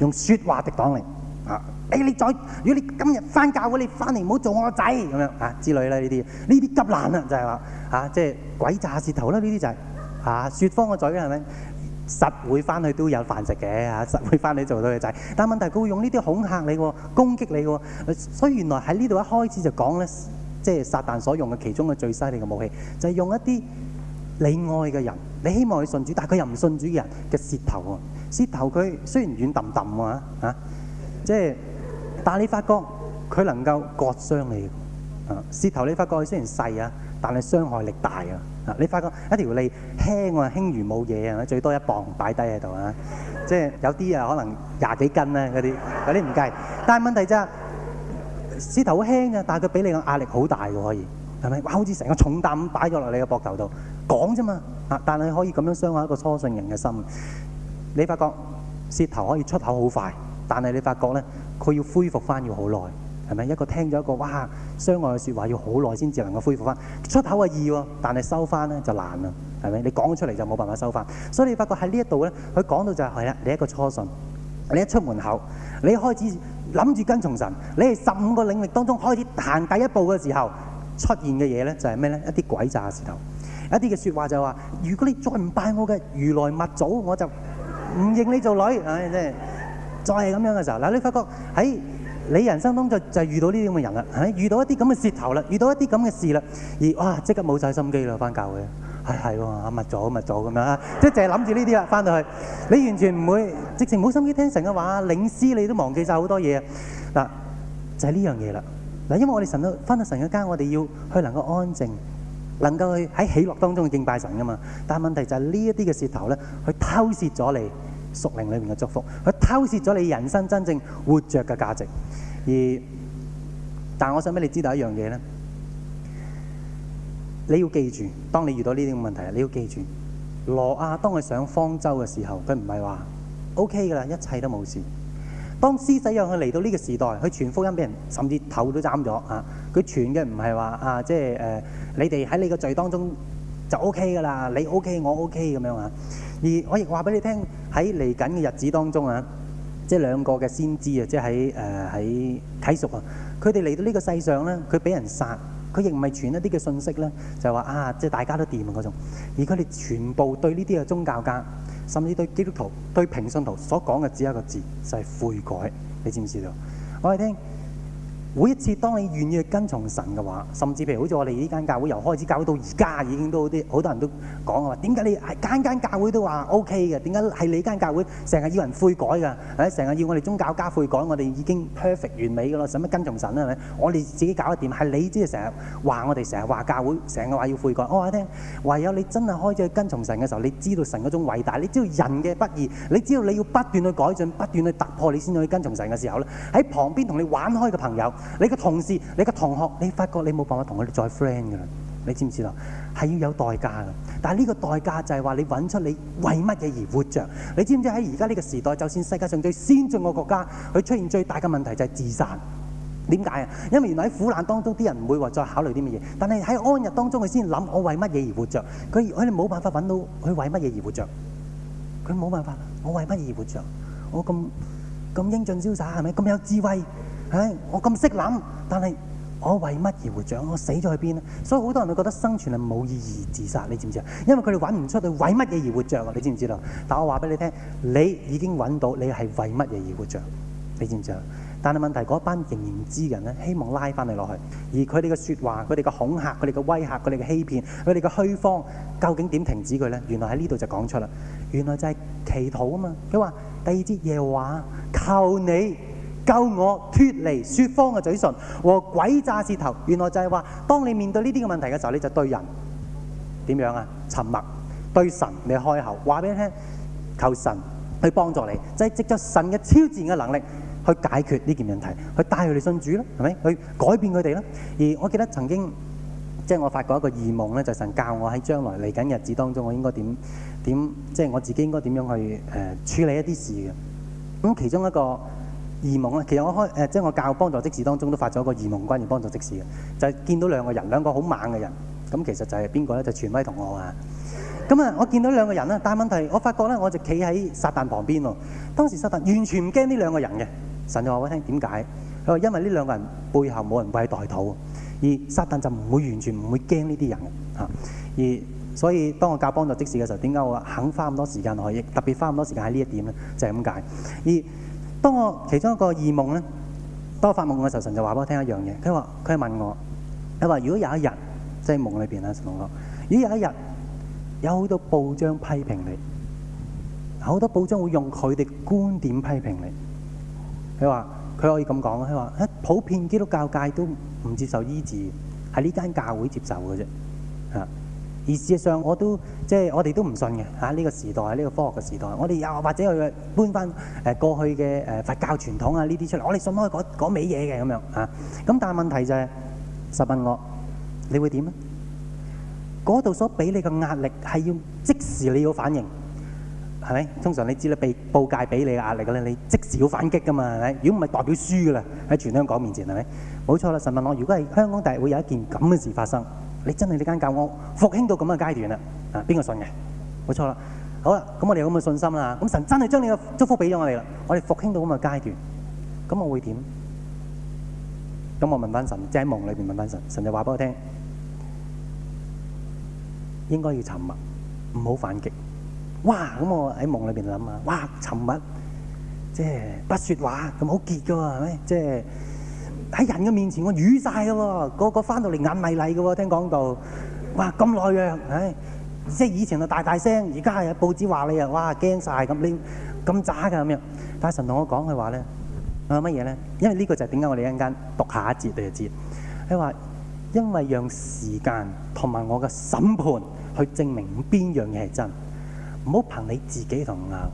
用説話敵擋嚟。啊！哎，你再如果你今日翻教會，你翻嚟唔好做我個仔咁樣嚇之類啦，呢啲呢啲急難、就是、啊，就係話嚇即係詭詐舌頭啦！呢啲就係嚇説謊嘅嘴啦，係咪？實會翻去都有飯食嘅嚇，實會翻去做到嘅仔。但問題佢會用呢啲恐嚇你喎，攻擊你喎。所以原來喺呢度一開始就講咧，即係撒旦所用嘅其中嘅最犀利嘅武器，就係用一啲你愛嘅人，你希望佢信主，但係佢又唔信主嘅人嘅舌頭。舌頭佢雖然軟揼揼啊嚇，即係，但係你發覺佢能夠割傷你。舌頭你發覺佢雖然細啊，但係傷害力大啊。你發覺一條脷輕啊，輕如冇嘢啊，最多一磅擺低喺度啊。即係有啲啊，可能廿幾斤咧嗰啲，嗰啲唔計。但係問題就舌頭好輕咋，但係佢俾你嘅壓力好大嘅可以，係咪？哇！好似成個重擔咁擺咗落你嘅膊頭度，講啫嘛。啊！但係可以咁樣傷害一個初信人嘅心。你發覺舌頭可以出口好快，但係你發覺咧，佢要恢復翻要好耐。係咪一個聽咗一個哇？傷害嘅説話要好耐先至能夠恢復翻。出口係易喎，但係收翻咧就難啦。係咪？你講出嚟就冇辦法收翻。所以你發覺喺呢一度咧，佢講到就係、係、啦，你一個初信，你一出門口，你開始諗住跟從神，你係十五個領域當中開始行第一步嘅時候出現嘅嘢咧，就係咩咧？一啲鬼詐事頭，一啲嘅説話就話、係：如果你再唔拜我嘅如來物祖，我就唔認你做女。唉，真係再係咁樣嘅時候，嗱，你發覺喺。你人生當中就就遇到呢啲咁嘅人啦，嚇遇到一啲咁嘅舌頭啦，遇到一啲咁嘅事啦，而哇即刻冇晒心機啦，翻教會，係係喎，密咗密咗咁樣啊，即係淨係諗住呢啲啦，翻到去你完全唔會，直情冇心機聽神嘅話，領司你都忘記晒好多嘢啊嗱，就係呢樣嘢啦嗱，因為我哋神都翻到神嘅間，我哋要去能夠安靜，能夠去喺喜樂當中敬拜神噶嘛，但係問題就係呢一啲嘅舌頭咧，佢偷蝕咗你。屬靈裏面嘅祝福，佢偷竊咗你人生真正活着嘅價值。而但係我想俾你知道一樣嘢咧，你要記住，當你遇到呢啲問題，你要記住，挪亞、啊、當佢上方舟嘅時候，佢唔係話 OK 噶啦，一切都冇事。當施洗約翰佢嚟到呢個時代，佢傳福音俾人，甚至頭都斬咗啊！佢傳嘅唔係話啊，即係誒，你哋喺你嘅罪當中就 OK 噶啦，你 OK 我 OK 咁樣啊。而我亦話俾你聽，喺嚟緊嘅日子當中兩、呃就是、啊，即係兩個嘅先知啊，即係喺誒喺啓熒啊，佢哋嚟到呢個世上咧，佢俾人殺，佢亦唔係傳一啲嘅信息咧，就係話啊，即係大家都掂啊嗰種，而佢哋全部對呢啲嘅宗教家，甚至對基督徒、對平信徒所講嘅只有一個字，就係、是、悔改。你知唔知道？我哋聽。每一次當你願意去跟從神嘅話，甚至譬如好似我哋呢間教會由開始教會到而家，已經都好多人都講了話，點解你係間間教會都話 OK 嘅？點解係你間教會成日要人悔改㗎？成日要我哋宗教家悔改，我哋已經 perfect 完美㗎喇，使乜跟從神咧？我哋自己搞得掂，係你即係成日話我哋成日話教會成日話要悔改。我話你聽，唯有你真係開始去跟從神嘅時候，你知道神嗰種偉大，你知道人嘅不義，你知道你要不斷去改進，不斷去突破，你先可以跟從神嘅時候咧。喺旁邊同你玩開嘅朋友。你個同事、你個同學，你發覺你冇辦法同佢哋再 friend 噶啦，你知唔知啦？係要有代價噶。但係呢個代價就係話你搵出你為乜嘢而活着。你知唔知喺而家呢個時代，就算世界上最先進嘅國家，佢出現最大嘅問題就係自殺。點解啊？因為原來喺苦難當中，啲人唔會話再考慮啲乜嘢。但係喺安逸當中，佢先諗我為乜嘢而活着。佢佢哋冇辦法搵到佢為乜嘢而活着。佢冇辦法，我為乜嘢而活着？我咁咁英俊瀟灑，係咪咁有智慧？唉，我咁識諗，但係我為乜而活着？我死咗喺邊呢？所以好多人都覺得生存係冇意義，自殺你知唔知啊？因為佢哋揾唔出佢為乜嘢而活着啊！你知唔知道？但我話俾你聽，你已經揾到，你係為乜嘢而活着？你知唔知啊？但係問題嗰班仍然知人呢，希望拉翻你落去，而佢哋嘅説話、佢哋嘅恐嚇、佢哋嘅威嚇、佢哋嘅欺騙、佢哋嘅虛謊，究竟點停止佢呢？原來喺呢度就講出啦。原來就係祈禱啊嘛！佢話第二節夜話，求你。救我脫離說謊嘅嘴唇和詭詐舌頭，原來就係話，當你面對呢啲嘅問題嘅時候，你就對人點樣啊？沉默對神，你開口話俾佢聽，求神去幫助你，就係、是、藉着神嘅超自然嘅能力去解決呢件問題，去帶佢哋信主咯，係咪？去改變佢哋咧。而我記得曾經即係、就是、我發過一個異夢咧，就是、神教我喺將來嚟緊日子當中，我應該點點即係我自己應該點樣去誒、呃、處理一啲事嘅咁，其中一個。異夢咧，其實我開誒，即係我教幫助即時當中都發咗個異夢，關於幫助即時嘅，就係、是、見到兩個人，兩個好猛嘅人，咁其實就係邊個咧？就傳威同我啊！咁啊，我見到兩個人咧，但係問題，我發覺咧，我就企喺撒旦旁邊喎。當時撒旦完全唔驚呢兩個人嘅，神就話我聽點解？佢話因為呢兩個人背後冇人為代禱，而撒旦就唔會完全唔會驚呢啲人嚇、啊。而所以當我教幫助即時嘅時候，點解我肯花咁多時間落去，特別花咁多時間喺呢一點咧，就係咁解。而當我其中一個異夢咧，當我發夢嘅時候，神就話畀我聽一樣嘢。佢話佢問我，佢話如果有一日即係夢裏邊啊，神父哥，如果有一日有好多報章批評你，好多報章會用佢哋觀點批評你。佢話佢可以咁講，佢話誒普遍基督教界都唔接受醫治，係呢間教會接受嘅啫。而事實上，我都即係我哋都唔信嘅嚇。呢、啊這個時代，呢、這個科學嘅時代，我哋又、啊、或者去搬翻誒、呃、過去嘅誒、呃、佛教傳統啊呢啲出嚟，我哋想摸嗰嗰味嘢嘅咁樣啊。咁、啊、但係問題就係、是，神問我，你會點啊？嗰度所俾你嘅壓力係要即時你要反應，係咪？通常你知啦，被報界俾你嘅壓力㗎，你即時要反擊㗎嘛係咪？如果唔係代表輸㗎啦，喺全香港面前係咪？冇錯啦，神問我，如果係香港大會有一件咁嘅事發生？你真係呢間教屋，復興到咁嘅階段啦，啊，邊個信嘅？冇錯啦。好啦，咁我哋有咁嘅信心啦。咁神真係將你嘅祝福俾咗我哋啦，我哋復興到咁嘅階段，咁我會點？咁我問翻神，即係喺夢裏邊問翻神，神就話俾我聽，應該要沉默，唔好反擊。哇！咁我喺夢裏邊諗啊，哇！沉默，即係不說話，咁好結噶喎，係咪？即係。喺人嘅面前，我瘀晒嘅喎，個個翻到嚟眼迷離嘅喎，聽講到，哇咁耐啊，唉，即係以前就大大聲，而家係報紙話你啊，哇驚晒，咁，拎，咁渣嘅咁樣，大神同我講佢話咧，啊乜嘢咧？因為呢個就係點解我哋一陣間讀下一節第二節，佢話因為讓時間同埋我嘅審判去證明邊樣嘢係真的，唔好憑你自己同硬，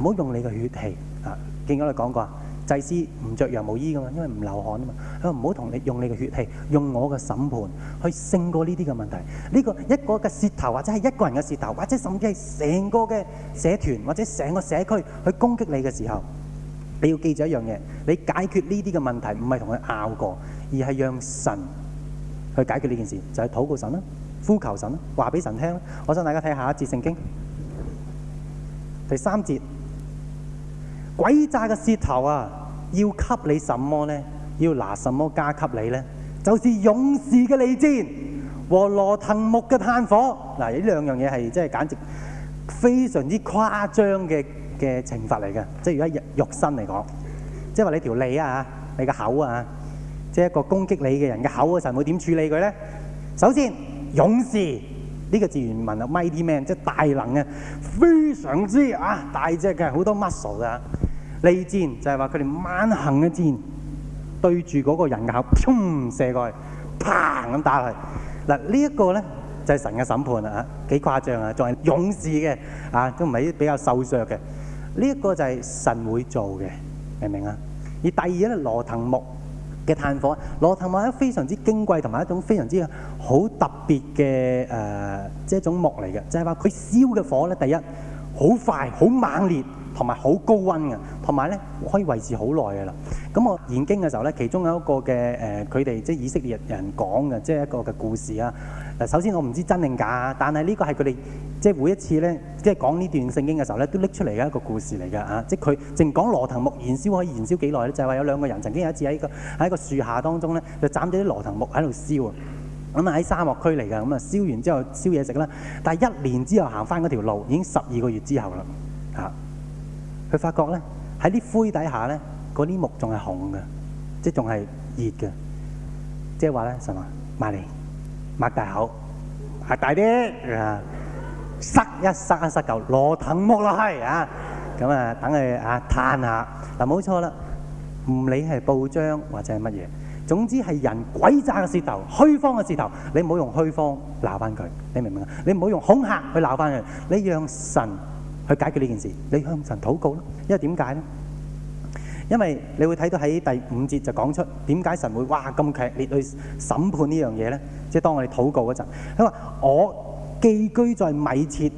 唔好用你嘅血氣啊！見我哋講過。祭司唔著羊毛衣噶嘛，因為唔流汗啊嘛。佢話，唔好同你用你嘅血氣，用我嘅審判去勝過呢啲嘅問題。呢個一個嘅舌頭，或者係一個人嘅舌頭，或者甚至係成個嘅社團或者成個社區去攻擊你嘅時候，你要記住一樣嘢：你解決呢啲嘅問題，唔係同佢拗過，而係讓神去解決呢件事，就係禱告神啦，呼求神啦，話俾神聽啦。我想大家睇下一節聖經，第三節，鬼詐嘅舌頭啊！要給你什麼咧？要拿什麼加給你咧？就是勇士嘅利箭和羅騰木嘅炭火。嗱，呢兩樣嘢係即係簡直非常之誇張嘅嘅懲罰嚟嘅，即係如果用肉身嚟講，即係話你條脷啊，你個口啊，即係一個攻擊你嘅人嘅口嗰陣會點處理佢咧？首先，勇士呢個字原文就 mighty man，即係大能啊，非常之啊大隻嘅，好多 muscle 嘅、啊。利箭就係話佢哋猛行一箭，對住嗰個人嘅口，砰射過去，砰咁打落去。嗱，這個、呢一個咧就係、是、神嘅審判啦吓，幾誇張啊！仲係勇士嘅啊，都唔係比較瘦削嘅。呢、這、一個就係神會做嘅，明唔明啊？而第二咧，羅藤木嘅炭火，羅藤木咧非常之矜貴，同埋一種非常之好特別嘅誒，即係一種木嚟嘅，就係話佢燒嘅火咧，第一。好快、好猛烈，同埋好高溫呀，同埋咧可以維持好耐嘅啦。咁我研經嘅時候咧，其中有一個嘅誒，佢、呃、哋即係以色列人講嘅，即係一個嘅故事啦。嗱，首先我唔知真定假，但係呢個係佢哋即係每一次咧，即係講呢段聖經嘅時候咧，都拎出嚟嘅一個故事嚟嘅嚇。即係佢淨講羅騰木燃燒可以燃燒幾耐咧，就係、是、話有兩個人曾經有一次喺個喺個樹下當中咧，就斬咗啲羅騰木喺度燒喎。咁啊喺沙漠區嚟㗎，咁啊燒完之後燒嘢食啦，但係一年之後行返嗰條路，已經十二個月之後啦，嚇！佢發覺咧喺啲灰底下咧，嗰啲木仲係紅嘅，即係仲係熱嘅，即係話咧，什麼？擘嚟，擘大口，擘大啲，啊！塞一塞一塞嚿羅騰木落去啊！咁啊，等佢啊，攤下，嗱冇錯啦，唔理係報章或者係乜嘢。總之係人詭詐嘅舌頭，虛方嘅舌頭，你唔好用虛方鬧翻佢，你明唔明啊？你唔好用恐嚇去鬧翻佢，你讓神去解決呢件事，你向神禱告啦。因為點解咧？因為你會睇到喺第五節就講出點解神會哇咁強烈去審判呢樣嘢呢？即係當我哋禱告嗰陣，佢話我寄居在米切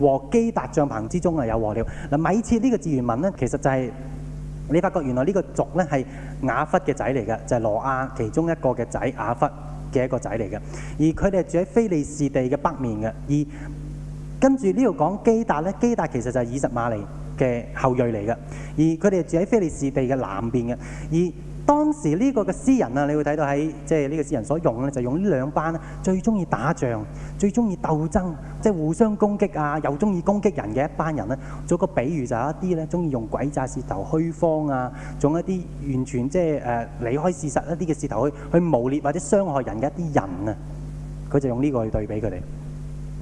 和基達帳棚之中啊有禍了。嗱，米切呢個字原文呢，其實就係、是。你發覺原來呢個族咧係雅弗嘅仔嚟嘅，就係、是、羅亞其中一個嘅仔雅弗嘅一個仔嚟嘅，而佢哋住喺非利士地嘅北面嘅，而跟住呢度講基達咧，基達其實就係以實瑪利嘅後裔嚟嘅，而佢哋住喺非利士地嘅南邊嘅，而當時呢個嘅詩人啊，你會睇到喺即係呢個詩人所用咧，就用呢兩班最中意打仗、最中意鬥爭，即係互相攻擊啊，又中意攻擊人嘅一班人咧，做個比喻就有一啲咧中意用詭詐舌頭虛謊啊，仲有一啲完全即係誒離開事實一啲嘅舌頭去去誣蔑或者傷害人嘅一啲人啊，佢就用呢個去對比佢哋，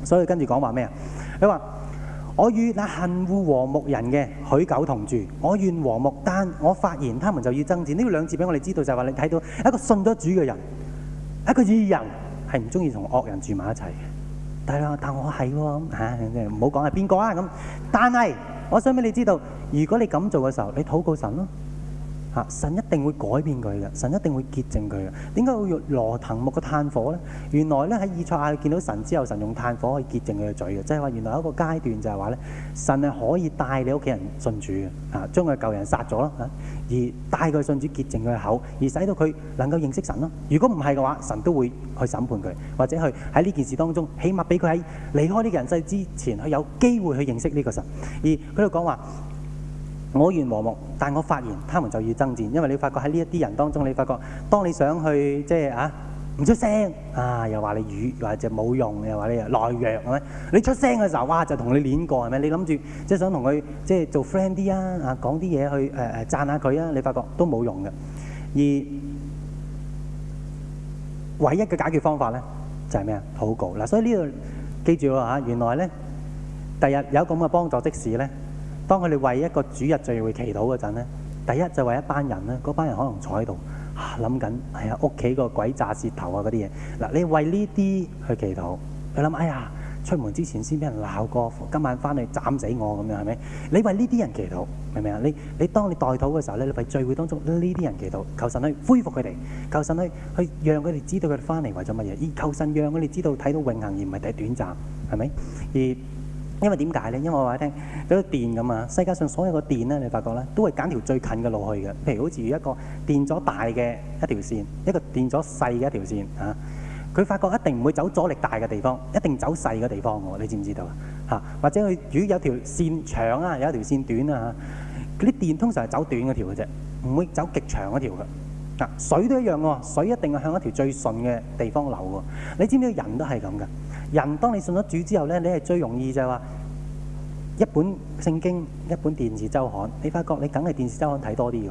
所以跟住講話咩啊？佢話。我與那恨惡和睦人嘅許久同住，我願和睦，但我發言他們就要爭戰。呢兩字俾我哋知道，就係、是、話你睇到一個信咗主嘅人，一個義人係唔中意同惡人住埋一齊，但係啦，但我係喎唔好講係邊個啊咁，、啊啊。但係我想俾你知道，如果你咁做嘅時候，你禱告神咯、啊。啊！神一定會改變佢嘅，神一定會潔淨佢嘅。點解會用羅騰木嘅炭火咧？原來咧喺以賽亞見到神之後，神用炭火去潔淨佢嘅嘴嘅，即係話原來有一個階段就係話咧，神係可以帶你屋企人信主嘅，啊，將佢舊人殺咗啦，而帶佢信主潔淨佢嘅口，而使到佢能夠認識神咯。如果唔係嘅話，神都會去審判佢，或者去喺呢件事當中，起碼俾佢喺離開呢個人世之前，佢有機會去認識呢個神。而佢就講話。我願和睦，但我發現他們就要爭戰，因為你發覺喺呢一啲人當中，你發覺當你想去即係啊唔出聲啊，又話你軟，或者冇用嘅，又話你內弱係咪？你出聲嘅時候，哇就同你練過係咪？你諗住即係想同佢即係做 friend 啲啊，講啲嘢去誒誒、啊、讚下佢啊，你發覺都冇用嘅。而唯一嘅解決方法咧就係咩啊？禱告嗱，所以呢度記住喎、啊、原來咧第日有咁嘅幫助，即使咧。當佢哋為一個主日聚會祈禱嗰陣咧，第一就為一班人咧，嗰班人可能坐喺度，諗緊係啊屋企個鬼炸舌頭啊嗰啲嘢。嗱，你為呢啲去祈禱，佢諗，哎呀出門之前先俾人鬧過，今晚翻去斬死我咁樣係咪？你為呢啲人祈禱明唔明啊？你你當你代禱嘅時候咧，你為聚會當中呢啲人祈禱，求神去恢復佢哋，求神去去讓佢哋知道佢哋翻嚟為咗乜嘢，而求神讓佢哋知道睇到永恆而唔係睇短暫，係咪？而因為點解咧？因為我話你聽，有啲電咁啊，世界上所有個電咧，你發覺咧，都會揀條最近嘅路去嘅。譬如好似一個電阻大嘅一條線，一個電阻細嘅一條線啊，佢發覺一定唔會走阻力大嘅地方，一定走細嘅地方喎。你知唔知道啊？或者佢如果有一條線長啊，有一條線短啊，嗰、啊、啲電通常係走短嗰條嘅啫，唔會走極長嗰條嘅。嗱、啊，水都一樣喎，水一定係向一條最順嘅地方流喎。你知唔知人都係咁嘅？人當你信咗主之後呢，你係最容易就係話一本聖經，一本電視周刊，你發覺你梗係電視周刊睇多啲嘅。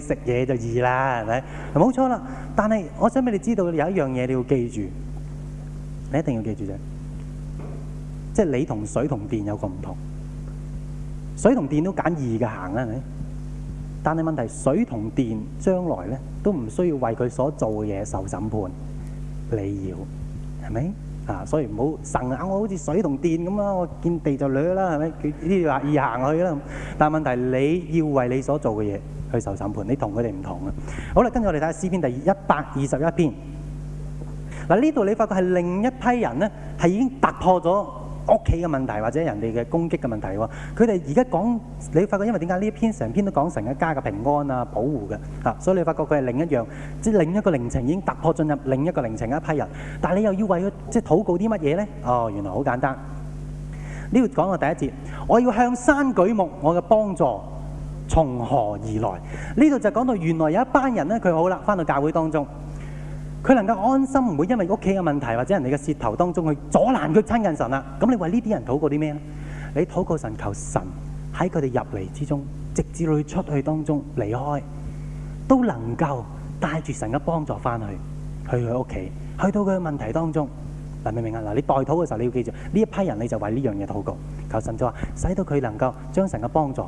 食嘢就易啦，係咪？冇錯啦。但係我想俾你知道有一樣嘢你要記住，你一定要記住啫。即係你同水同電有個唔同，水同電都揀易嘅行啦，係咪？但係問題，水同電將來咧都唔需要為佢所做嘅嘢受審判。你要係咪啊？所以唔好神啊！我好似水同電咁啦，我見地就掠啦，係咪？呢啲話易行去啦。但問題，你要為你所做嘅嘢去受審判，你他們不同佢哋唔同啊！好啦，跟住我哋睇下詩篇第一百二十一篇。嗱，呢度你發覺係另一批人咧，係已經突破咗屋企嘅問題或者人哋嘅攻擊嘅問題喎。佢哋而家講，你發覺因為點解呢一篇成篇都講成一家嘅平安啊、保護嘅啊，所以你發覺佢係另一樣，即係另一個靈程已經突破進入另一個靈程嘅一批人。但係你又要為咗即係禱告啲乜嘢咧？哦，原來好簡單。呢度講嘅第一節，我要向山舉目，我嘅幫助從何而來？呢度就講到原來有一班人咧，佢好啦，翻到教會當中，佢能夠安心，唔會因為屋企嘅問題或者人哋嘅舌頭當中去阻攔佢親近神啊。咁你為呢啲人禱告啲咩咧？你禱告神，求神喺佢哋入嚟之中，直至佢出去當中離開，都能夠帶住神嘅幫助翻去，去佢屋企，去到佢嘅問題當中。明唔明啊？嗱，你代禱嘅時候你要記住，呢一批人你就為呢樣嘢禱告，求神就話使到佢能夠將神嘅幫助。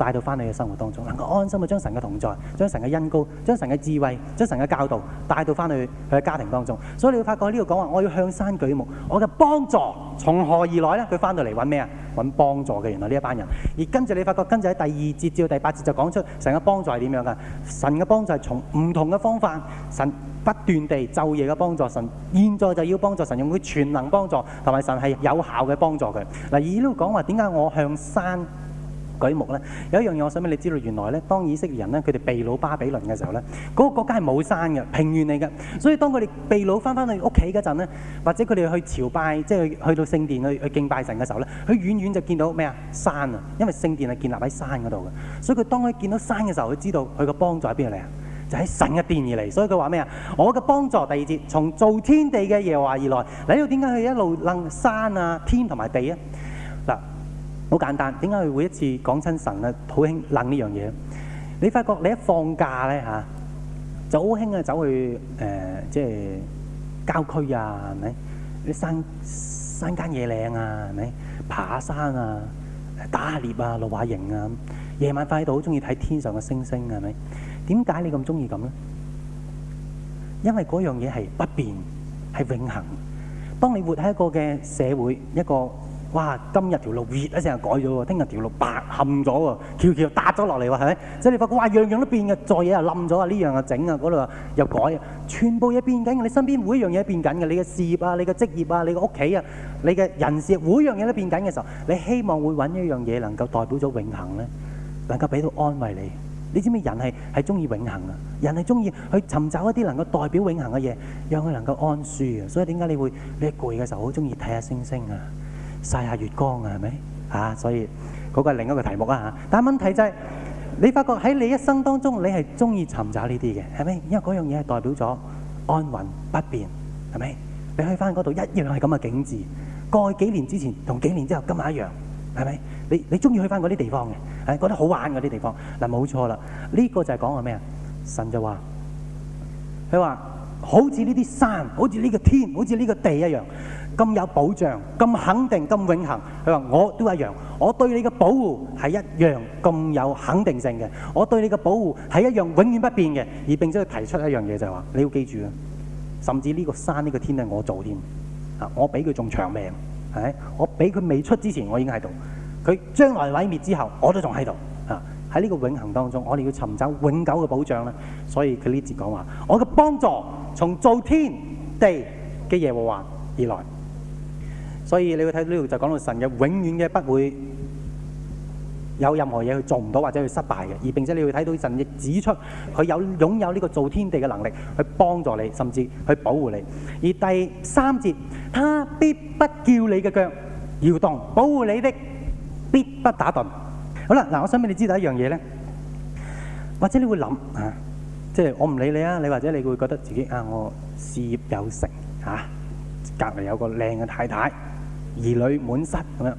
帶到翻去嘅生活當中，能夠安心噉，將神嘅同在、將神嘅恩膏、將神嘅智慧、將神嘅教導帶到翻去佢嘅家庭當中。所以你會發覺呢度講話，我要向山舉目，我嘅幫助從何而來呢？他回到來什麼」佢翻到嚟揾咩啊？揾幫助嘅。原來呢一班人，而跟住你發覺，跟住喺第二節至到第八節就講出神嘅幫助係點樣嘅？神嘅幫助係從唔同嘅方法，神不斷地晝夜嘅幫助。神現在就要幫助，神用佢全能幫助，同埋神係有效嘅幫助佢。嗱，而呢度講話，點解我向山舉目咧，有一樣嘢我想畀你知道，原來咧，當以色列人咧佢哋被擄巴比倫嘅時候咧，嗰個國家係冇山嘅平原嚟嘅，所以當佢哋被擄翻翻去屋企嗰陣咧，或者佢哋去朝拜，即係去，去到聖殿去去敬拜神嘅時候咧，佢遠遠就見到咩啊？山啊，因為聖殿係建立喺山嗰度嘅，所以佢當佢見到山嘅時候，佢知道佢嘅幫助喺邊度嚟啊？就喺神嘅殿而嚟，所以佢話咩啊？我嘅幫助第二節從造天地嘅耶和華而來。嗱，呢度點解佢一路擸山啊天同埋地啊？好簡單，點解佢每一次講親神咧？好興諷呢樣嘢，你發覺你一放假咧嚇，就好興啊走去誒、呃，即係郊區啊，係咪？啲山山間野嶺啊，係咪？爬山啊，打下獵啊，露下營啊，夜、啊、晚快到好中意睇天上嘅星星，係咪？點解你咁中意咁咧？因為嗰樣嘢係不變，係永恆，當你活喺一個嘅社會一個。哇！今日條路熱一成日改咗喎。聽日條路白冚咗喎，橋橋搭咗落嚟喎，係咪？即係你發覺哇，樣樣都變嘅，再嘢又冧咗啊，呢樣又整啊，嗰度又改啊，全部嘢變緊，你身邊每一樣嘢變緊嘅，你嘅事業啊，你嘅職業啊，你嘅屋企啊，你嘅人事，每一樣嘢都變緊嘅時候，你希望會搵一樣嘢能夠代表咗永恆咧，能夠俾到安慰你。你知唔知人係係中意永恆啊？人係中意去尋找一啲能夠代表永恆嘅嘢，讓佢能夠安舒啊。所以點解你會你攰嘅時候好中意睇下星星啊？曬下月光啊，係咪啊？所以嗰個另一個題目啊，但係問題就係，你發覺喺你一生當中，你係中意尋找呢啲嘅，係咪？因為嗰樣嘢係代表咗安穩不變，係咪？你去翻嗰度一樣係咁嘅景致，過去幾年之前同幾年之後今日一樣，係咪？你你中意去翻嗰啲地方嘅，係覺得好玩嗰啲地方嗱，冇錯啦，呢個就係講話咩啊？神就話，佢話好似呢啲山，好似呢個天，好似呢個地一樣。咁有保障，咁肯定，咁永恆。佢話，我都一樣，我對你嘅保護係一樣，咁有肯定性嘅。我對你嘅保護係一樣，永遠不變嘅。而並且佢提出一樣嘢就係話，你要記住，甚至呢個山呢個天係我做添啊！我比佢仲長命，係我比佢未出之前我已經喺度，佢將來毀滅之後，我都仲喺度啊！喺呢個永恆當中，我哋要尋找永久嘅保障啦。所以佢呢節講話，我嘅幫助從造天地嘅耶和華而來。所以你會睇到呢度就講到神嘅永遠嘅不會有任何嘢去做唔到或者去失敗嘅，而並且你會睇到神亦指出佢有擁有呢個做天地嘅能力去幫助你，甚至去保護你。而第三節，他必不叫你嘅腳搖動，保護你的必不打盹。好啦，嗱，我想俾你知道一樣嘢咧，或者你會諗啊，即係我唔理你啊，你或者你會覺得自己啊，我事業有成吓，隔離有個靚嘅太太。兒女滿室咁樣，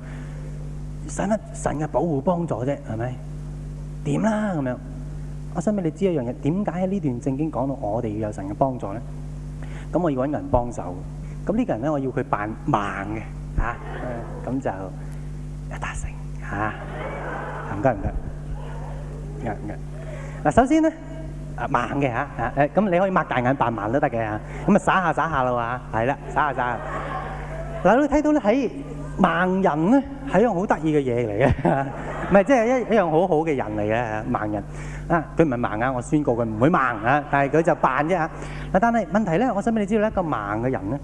使乜神嘅保護幫助啫，係咪？點啦咁樣，我想俾你知一樣嘢，點解喺呢段正經講到我哋要有神嘅幫助咧？咁我要揾個人幫手，咁呢個人咧，我要佢扮盲嘅，吓，咁就一達成，吓，唔得唔得，唔得唔得。嗱，首先咧，啊，盲嘅吓吓，咁你可以擘大眼扮盲都得嘅吓，咁啊，耍下耍下咯吓，係啦，耍下耍下。嗱，你會睇到咧，喺盲人咧係一樣、就是、好得意嘅嘢嚟嘅，唔係即係一一樣好好嘅人嚟嘅盲人啊，佢唔係盲啊，我宣告佢唔會盲他啊，但係佢就扮啫嚇。嗱，但係問題咧，我想俾你知道咧，一個盲嘅人咧，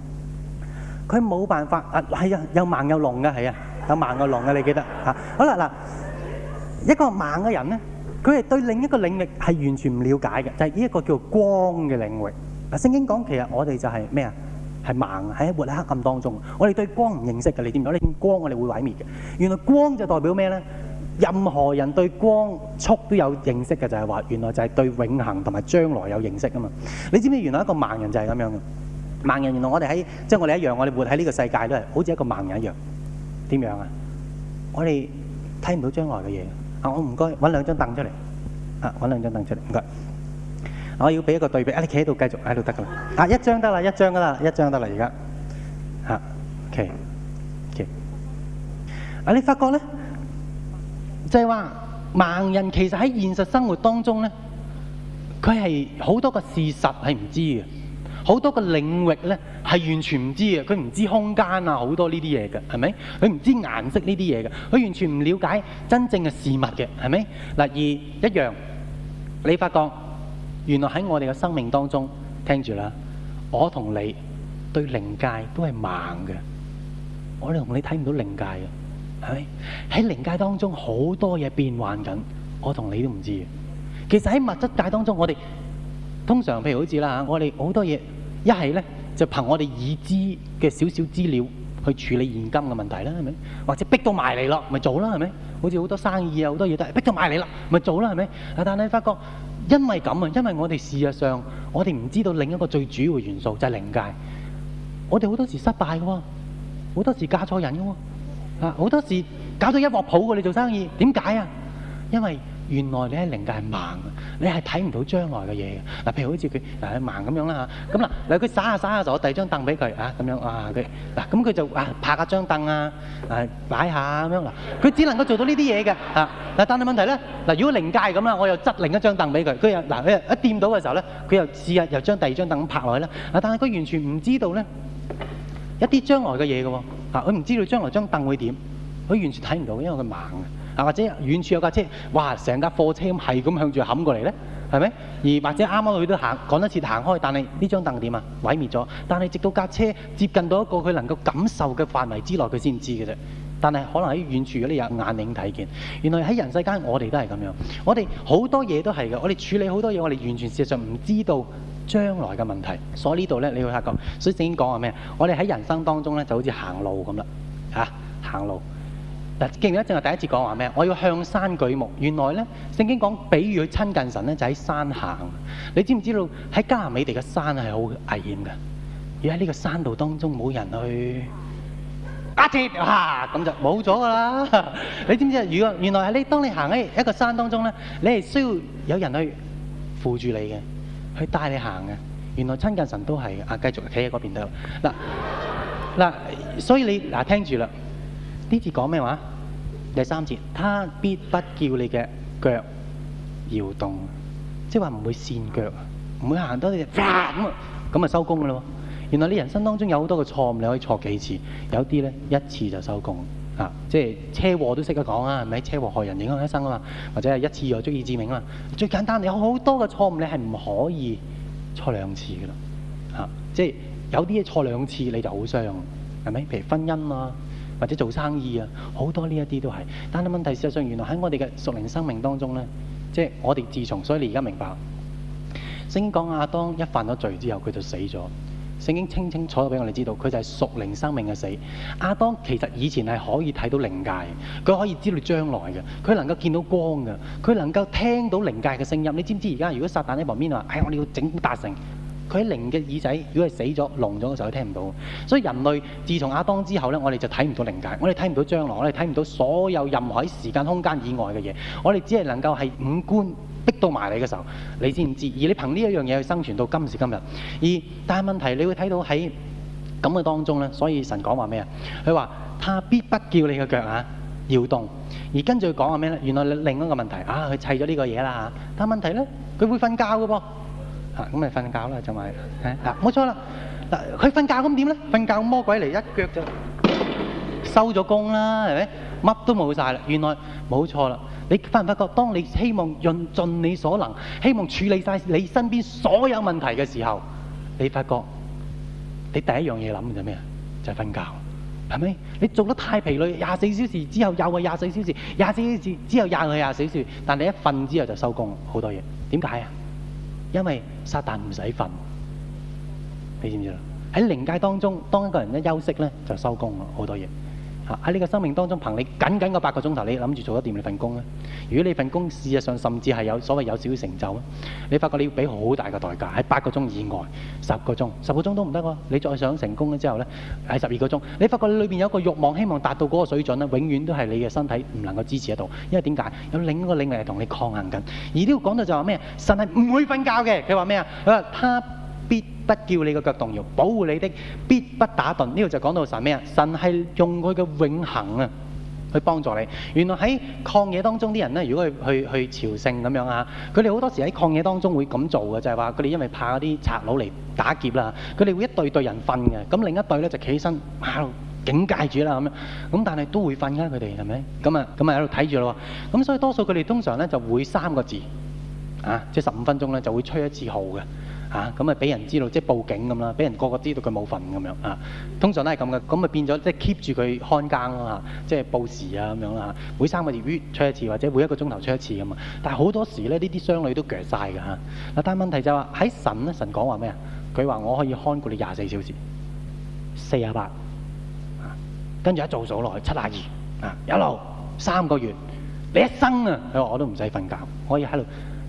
佢冇辦法啊，係啊，又盲又聾嘅，係啊，又盲又聾嘅，你記得嚇、啊？好啦，嗱、啊，一個盲嘅人咧，佢係對另一個領域係完全唔了解嘅，就係呢一個叫光嘅領域。嗱，聖經講其實我哋就係咩啊？係盲喺活喺黑暗當中，我哋對光唔認識嘅。你點講？你見光，我哋會毀滅嘅。原來光就代表咩咧？任何人對光速都有認識嘅，就係話原來就係對永恆同埋將來有認識啊嘛。你知唔知原來一個盲人就係咁樣嘅？盲人原來我哋喺即係我哋一樣，我哋活喺呢個世界都係好似一個盲人一樣。點樣啊？我哋睇唔到將來嘅嘢啊！我唔該搵兩張凳出嚟啊！搵兩張凳出嚟唔該。我要俾一個對比，啊！你企喺度繼續喺度得噶啦，啊！一張得啦，一張得啦，一張得啦，而家嚇，OK，OK。啊！你發覺咧，即係話盲人其實喺現實生活當中咧，佢係好多個事實係唔知嘅，好多個領域咧係完全唔知嘅，佢唔知空間啊好多呢啲嘢嘅，係咪？佢唔知顏色呢啲嘢嘅，佢完全唔了解真正嘅事物嘅，係咪？嗱，而一樣，你發覺。原來喺我哋嘅生命當中，聽住啦，我同你對靈界都係盲嘅，我哋同你睇唔到靈界嘅，係咪？喺靈界當中好多嘢變幻緊，我同你都唔知嘅。其實喺物質界當中，我哋通常譬如好似啦嚇，我哋好多嘢一係咧就憑我哋已知嘅少少資料去處理現金嘅問題啦，係咪？或者逼到埋嚟咯，咪做啦，係咪？好似好多生意啊，好多嘢都係逼到埋嚟啦，咪做啦，係咪？但係你發覺。因為咁啊，因為我哋事實上，我哋唔知道另一個最主要嘅元素就係靈界。我哋好多時失敗嘅喎，好多時嫁錯人嘅喎，啊，好多時搞到一鑊泡過你做生意，點解啊？因為。原來你喺靈界係盲嘅，你係睇唔到將來嘅嘢嘅。嗱，譬如好似佢嗱盲咁樣啦嚇，咁嗱，嗱佢耍下耍下就我第二張凳俾佢啊咁、啊啊、樣啊佢嗱，咁佢就啊拍下張凳啊啊擺下咁樣嗱，佢只能夠做到呢啲嘢嘅啊。嗱，但係問題咧，嗱如果靈界咁啦，我又執另一張凳俾佢，佢又嗱佢一掂到嘅時候咧，佢又試下又將第二張凳拍落去啦。啊，但係佢、啊、完全唔知道咧一啲將來嘅嘢嘅喎，佢、啊、唔知道將來張凳會點，佢完全睇唔到，因為佢盲嘅。或者遠處有架車，哇！成架貨車咁係咁向住冚過嚟呢，係咪？而或者啱啱佢都行趕得切行開，但係呢張凳點啊？毀滅咗。但係直到架車接近到一個佢能夠感受嘅範圍之內，佢先知嘅啫。但係可能喺遠處嗰啲人眼影睇見，原來喺人世間我哋都係咁樣。我哋好多嘢都係嘅。我哋處理好多嘢，我哋完全事實上唔知道將來嘅問題。所以呢度呢，你要發覺。所以正經講話咩？我哋喺人生當中呢，就好似行路咁啦，嚇、啊、行路。嗱，記唔記得正係第一次講話咩？我要向山舉目。原來咧，聖經講比喻去親近神咧，就喺山行。你知唔知道喺迦南美地嘅山係好危險嘅？而喺呢個山道當中冇人去壓跌，嚇、啊、咁、啊、就冇咗㗎啦。你知唔知啊？如果原來係你，當你行喺一個山當中咧，你係需要有人去扶住你嘅，去帶你行嘅。原來親近神都係啊，繼續企喺嗰邊度嗱嗱，所以你嗱、啊、聽住啦。呢次講咩話？第三節，他必不叫你嘅腳搖動，即係話唔會跣腳，唔會行多啲，啪咁啊，咁啊收工噶啦喎。原來你人生當中有好多嘅錯誤，你可以錯幾次，有啲咧一次就收工啊！即係車禍都識得講啊，係咪？車禍害人影響一生啊嘛，或者係一次就足以致命啊嘛。最簡單的有好多嘅，你好多嘅錯誤你係唔可以錯兩次噶啦，嚇、啊！即係有啲嘢錯兩次你就好傷，係咪？譬如婚姻啊。或者做生意啊，好多呢一啲都係，但係問題事實上原來喺我哋嘅屬靈生命當中呢，即係我哋自從，所以你而家明白，聖經講亞當一犯咗罪之後佢就死咗，聖經清清楚楚俾我哋知道佢就係屬靈生命嘅死。亞當其實以前係可以睇到靈界佢可以知道將來嘅，佢能夠見到光嘅，佢能夠聽到靈界嘅聲音。你知唔知而家如果撒旦喺旁邊話，哎我哋要整蠱達成？佢喺靈嘅耳仔，如果係死咗、聾咗嘅時候，聽唔到。所以人類自從亞當之後咧，我哋就睇唔到靈界，我哋睇唔到將來，我哋睇唔到所有任何喺時間空間以外嘅嘢。我哋只係能夠係五官逼到埋你嘅時候，你先知，知。而你憑呢一樣嘢去生存到今時今日而。而但係問題，你會睇到喺咁嘅當中咧，所以神講話咩啊？佢話：他必不叫你嘅腳啊搖動。而跟住佢講話咩咧？原來另一個問題啊，佢砌咗呢個嘢啦嚇。但係問題咧，佢會瞓覺嘅噃。啊咁咪瞓覺啦就咪，啊冇錯啦，嗱佢瞓覺咁點咧？瞓覺，魔鬼嚟一腳就收咗工啦，係咪乜都冇晒啦？原來冇錯啦，你發唔發覺？當你希望用盡你所能，希望處理晒你身邊所有問題嘅時候，你發覺你第一樣嘢諗嘅就咩啊？就係瞓覺，係咪？你做得太疲累，廿四小時之後又係廿四小時，廿四小時之後又係廿四小時，但你一瞓之後就收工好多嘢，點解啊？因為撒旦唔使瞓，你知唔知啦？喺靈界當中，當一個人一休息呢，就收工啦，好多嘢。喺你個生命當中，憑你僅僅個八個鐘頭，你諗住做得掂你份工咧？如果你份工事實上甚至係有所謂有少少成就咧，你發覺你要俾好大個代價喺八個鐘以外，十個鐘、十個鐘都唔得喎。你再想成功咗之後呢，喺十二個鐘，你發覺裏邊有一個慾望，希望達到嗰個水準咧，永遠都係你嘅身體唔能夠支持得到。因為點解？有另一個領域係同你抗衡緊。而呢個講到就話咩？神係唔會瞓覺嘅。佢話咩啊？佢話必不叫你嘅腳動搖，保護你的必不打頓。呢度就講到神咩啊？神係用佢嘅永恆啊，去幫助你。原來喺曠野當中啲人咧，如果去去去朝聖咁樣啊，佢哋好多時喺曠野當中會咁做嘅，就係話佢哋因為怕嗰啲賊佬嚟打劫啦，佢哋會一隊隊人瞓嘅，咁另一隊咧就企起身、啊、警戒住啦咁樣。咁但係都會瞓㗎佢哋係咪？咁啊咁啊喺度睇住咯喎。咁所以多數佢哋通常咧就會三個字啊，即係十五分鐘咧就會吹一次號嘅。嚇咁啊，俾人知道即係報警咁啦，俾人個個知道佢冇份咁樣啊。通常都係咁嘅，咁啊變咗即係 keep 住佢看更咯、啊、即係報時啊咁樣啦，每三個月出一次，或者每一個鐘頭出一次咁嘛。但係好多時咧，呢啲商女都鋸晒㗎嚇。嗱、啊，但問題就係話喺神咧，神講話咩啊？佢話我可以看顧你廿四小時，四廿八，跟住一做數落去七廿二，72, 啊一路三個月，你一生啊，佢話我都唔使瞓覺，我可以喺度。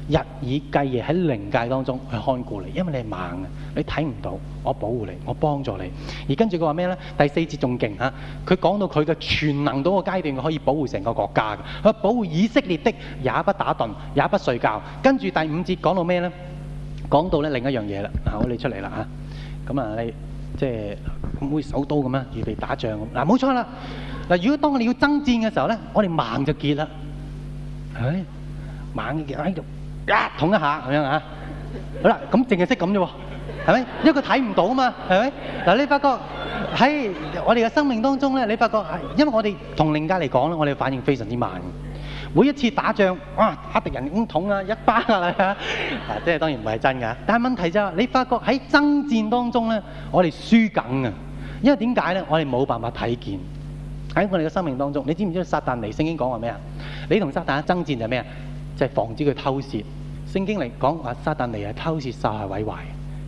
日以繼夜喺靈界當中去看顧你,因為你係盲嘅,你睇唔到,我保護你,我幫助你。而跟住佢話咩呢,第四節仲勁,佢講到佢嘅全能到嘅階段可以保護成個國家,佢保護以色列的,也不打盹,也不睡覺,跟住第五節講到咩呢,一捅一下咁樣啊！好啦，咁淨係識咁啫喎，係咪？因為佢睇唔到啊嘛，係咪？嗱，你發覺喺我哋嘅生命當中咧，你發覺因為我哋同另家嚟講咧，我哋反應非常之慢。每一次打仗，哇，打敵人咁捅啊，一巴㗎啦！嗱，即係當然唔係真㗎。但係問題就係，你發覺喺爭戰當中咧，我哋輸緊啊！因為點解咧？我哋冇辦法睇見喺我哋嘅生命當中。你知唔知道撒但尼聖經講話咩啊？你同撒但爭戰就係咩啊？即係防止佢偷竊。聖經嚟講話，撒但嚟係偷竊，殺害、毀壞。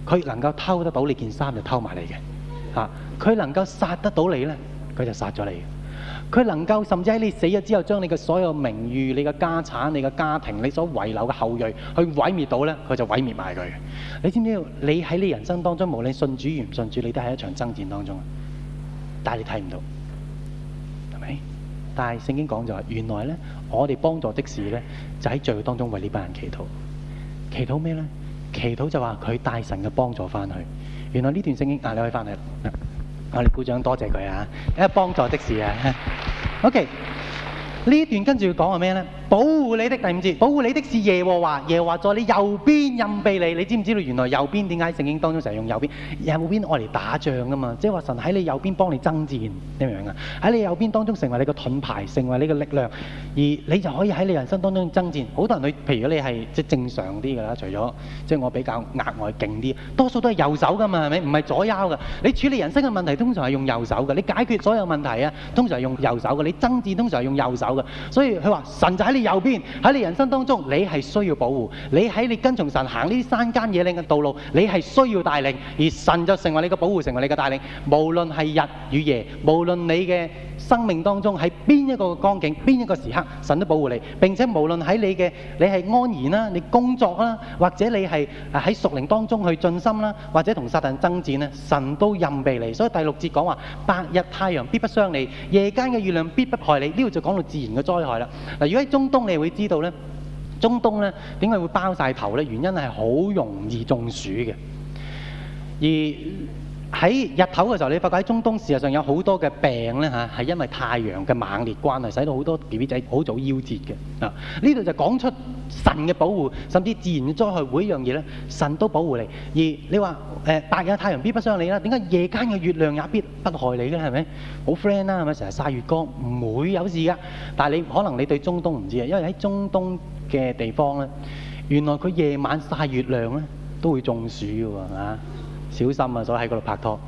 佢能夠偷得到你件衫，就偷埋你嘅。嚇，佢能夠殺得到你呢，佢就殺咗你。佢能夠甚至喺你死咗之後，將你嘅所有名譽、你嘅家產、你嘅家庭、你所遺留嘅後裔，去毀滅到呢，佢就毀滅埋佢。你知唔知道？你喺你人生當中，無論信主與唔信主，你都喺一場爭戰當中。但係你睇唔到。大聖經講就話，原來咧我哋幫助的士咧，就喺聚會當中為呢班人祈禱，祈禱咩咧？祈禱就話佢帶神嘅幫助翻去。原來呢段聖經啊，你可以翻嚟，啊，我哋鼓掌多謝佢啊，因、啊，幫助的士啊，OK。呢段跟住佢講係咩呢？保護你的第五節，保護你的是耶和華耶和華，在你右邊任庇你。你知唔知道原來右邊點解聖經當中成日用右邊？右邊愛嚟打仗噶嘛？即係話神喺你右邊幫你爭戰，你明唔明啊？喺你，你右邊當中成為你個盾牌，成為你個力量，而你就可以喺你人生當中爭戰。好多人去，譬如你係即、即係、正常啲㗎啦，除咗即係我比較額外勁啲，多數都係右手㗎嘛，係咪？唔係左腰㗎。你處理人生嘅問題通常係用右手㗎，你解決所有問題啊，通常係用右手㗎，你爭戰通常係用右手的。所以佢話，神就喺你右邊，喺你人生當中，你係需要保護。你喺你跟從神行呢啲山間野嶺嘅道路，你係需要帶領，而神就成為你嘅保護，成為你嘅帶領。無論係日與夜，無論你嘅。生命當中喺邊一個光景，邊一個時刻，神都保護你。並且無論喺你嘅你係安然啦，你工作啦，或者你係喺屬靈當中去進心啦，或者同撒但爭戰呢，神都任庇你。所以第六節講話：白日太陽必不傷你，夜間嘅月亮必不害你。呢度就講到自然嘅災害啦。嗱，如果喺中東，你會知道呢，中東呢點解會包曬頭呢？原因係好容易中暑嘅。而喺日頭嘅時候，你發覺喺中東，事實上有好多嘅病咧嚇，係因為太陽嘅猛烈關係，使到好多 B B 仔好早夭折嘅。啊，呢度就講出神嘅保護，甚至自然嘅災害每一樣嘢咧，神都保護你。而你話誒，白日太陽必不傷你啦，點解夜間嘅月亮也必不害你嘅咧？係咪好 friend 啦？係咪成日曬月光唔會有事噶？但係你可能你對中東唔知啊，因為喺中東嘅地方咧，原來佢夜晚曬月亮咧都會中暑嘅喎嚇。小心啊！所以喺嗰度拍拖。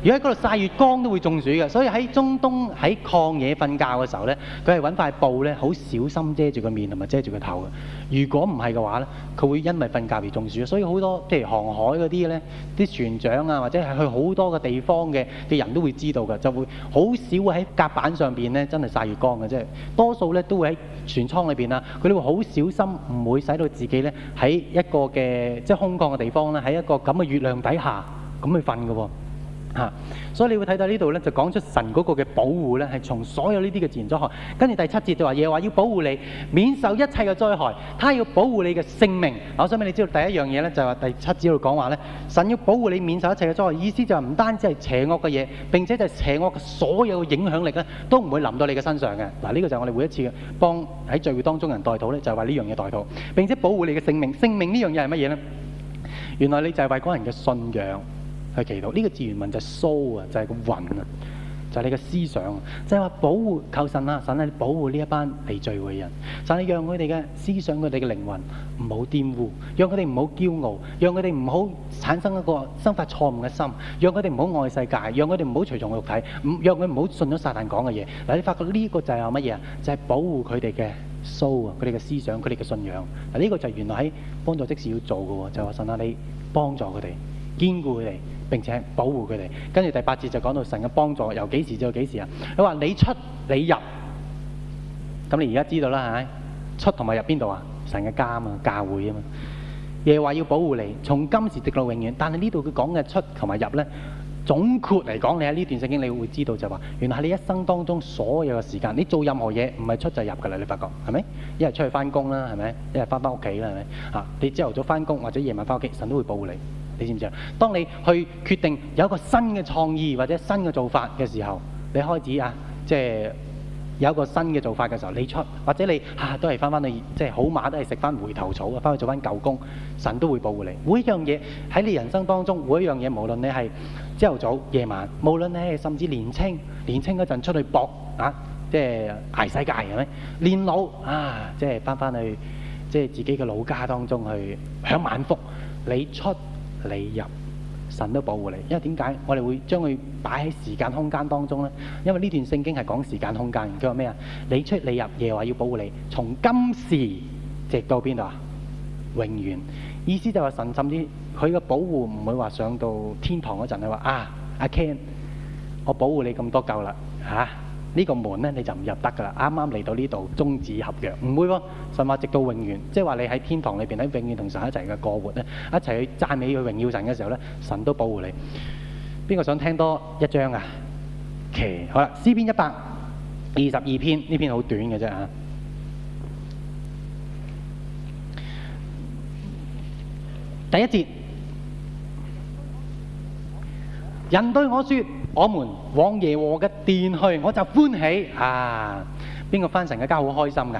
如果喺嗰度晒月光都會中暑嘅，所以喺中東喺曠野瞓覺嘅時候咧，佢係揾塊布咧，好小心遮住個面同埋遮住個頭嘅。如果唔係嘅話咧，佢會因為瞓覺而中暑。所以好多譬如航海嗰啲咧，啲船長啊，或者係去好多嘅地方嘅嘅人都會知道嘅，就會好少會喺甲板上邊咧，真係晒月光嘅啫。多數咧都會喺船艙裏邊啦，佢哋會好小心，唔會使到自己咧喺一個嘅即係空曠嘅地方咧，喺一個咁嘅月亮底下咁去瞓嘅喎。啊、所以你會睇到呢度呢，就講出神嗰個嘅保護呢，係從所有呢啲嘅自然災害。跟住第七節就話耶和華要保護你，免受一切嘅災害。他要保護你嘅性命。我想俾你知道第一樣嘢呢，就係話第七節度講話呢，神要保護你免受一切嘅災害。意思就係唔單止係邪惡嘅嘢，並且就係邪惡嘅所有嘅影響力呢，都唔會臨到你嘅身上嘅。嗱、啊，呢個就係我哋每一次幫喺聚會當中人代禱呢，就係為呢樣嘢代禱，並且保護你嘅性命。性命呢樣嘢係乜嘢呢？原來你就係為嗰人嘅信仰。去、就是、祈禱，呢、這個字源文就係 so 啊，就係個魂啊，就係你嘅思想。啊、就是，就係話保護靠神啊，神啊，你保護呢一班被聚會嘅人，神啊，讓佢哋嘅思想佢哋嘅靈魂唔好玷污，讓佢哋唔好驕傲，讓佢哋唔好產生一個生發錯誤嘅心，讓佢哋唔好愛世界，讓佢哋唔好隨從肉體，唔讓佢唔好信咗撒旦講嘅嘢。嗱，你發覺呢個就係乜嘢啊？就係、是、保護佢哋嘅 so 啊，佢哋嘅思想，佢哋嘅信仰。嗱，呢個就係原來喺幫助即時要做嘅喎，就係、是、話神啊，你幫助佢哋，堅固佢哋。並且保護佢哋，跟住第八節就講到神嘅幫助由幾時至到幾時啊？佢話你出你入，咁你而家知道啦，係咪？出同埋入邊度啊？神嘅家啊嘛，教會啊嘛。耶華要保護你，從今時直到永遠。但係呢度佢講嘅出同埋入呢總括嚟講，你喺呢段聖經你會知道就話、是，原來係你一生當中所有嘅時間，你做任何嘢唔係出就入㗎啦。你發覺係咪？一係出去翻工啦，係咪？一係翻返屋企啦，係咪？啊，你朝頭早翻工或者夜晚翻屋企，神都會保護你。你知唔知啊？當你去決定有一個新嘅創意或者新嘅做法嘅時候，你開始啊，即係有一個新嘅做法嘅時候，你出或者你啊都係翻翻去，即係好馬都係食翻回頭草啊，翻去做翻舊工，神都會保護你。每一樣嘢喺你人生當中，每一樣嘢無論你係朝頭早、夜晚，無論你係甚至年青，年青嗰陣出去搏啊，即係捱世界係咪？年老啊，即係翻翻去即係自己嘅老家當中去享晚福，你出，你入，神都保護你。因為點解我哋會將佢擺喺時間空間當中呢？因為呢段聖經係講時間空間。佢話咩啊？你出你入，耶和華要保護你。從今時直到邊度啊？永遠。意思就話神甚至佢嘅保護唔會話上到天堂嗰陣，你話啊，阿 Ken，我保護你咁多夠啦，吓、啊。呢個門咧你就唔入得噶啦！啱啱嚟到呢度終止合約，唔會喎。神話直到永遠，即係話你喺天堂裏邊喺永遠同神一齊嘅過活咧，一齊去讚美佢榮耀神嘅時候咧，神都保護你。邊個想聽多一章啊？奇，好啦，詩篇一百二十二篇呢篇好短嘅啫啊！第一節，人對我説。我們往耶和華嘅殿去，我就歡喜。啊，邊個返神嘅家好開心㗎？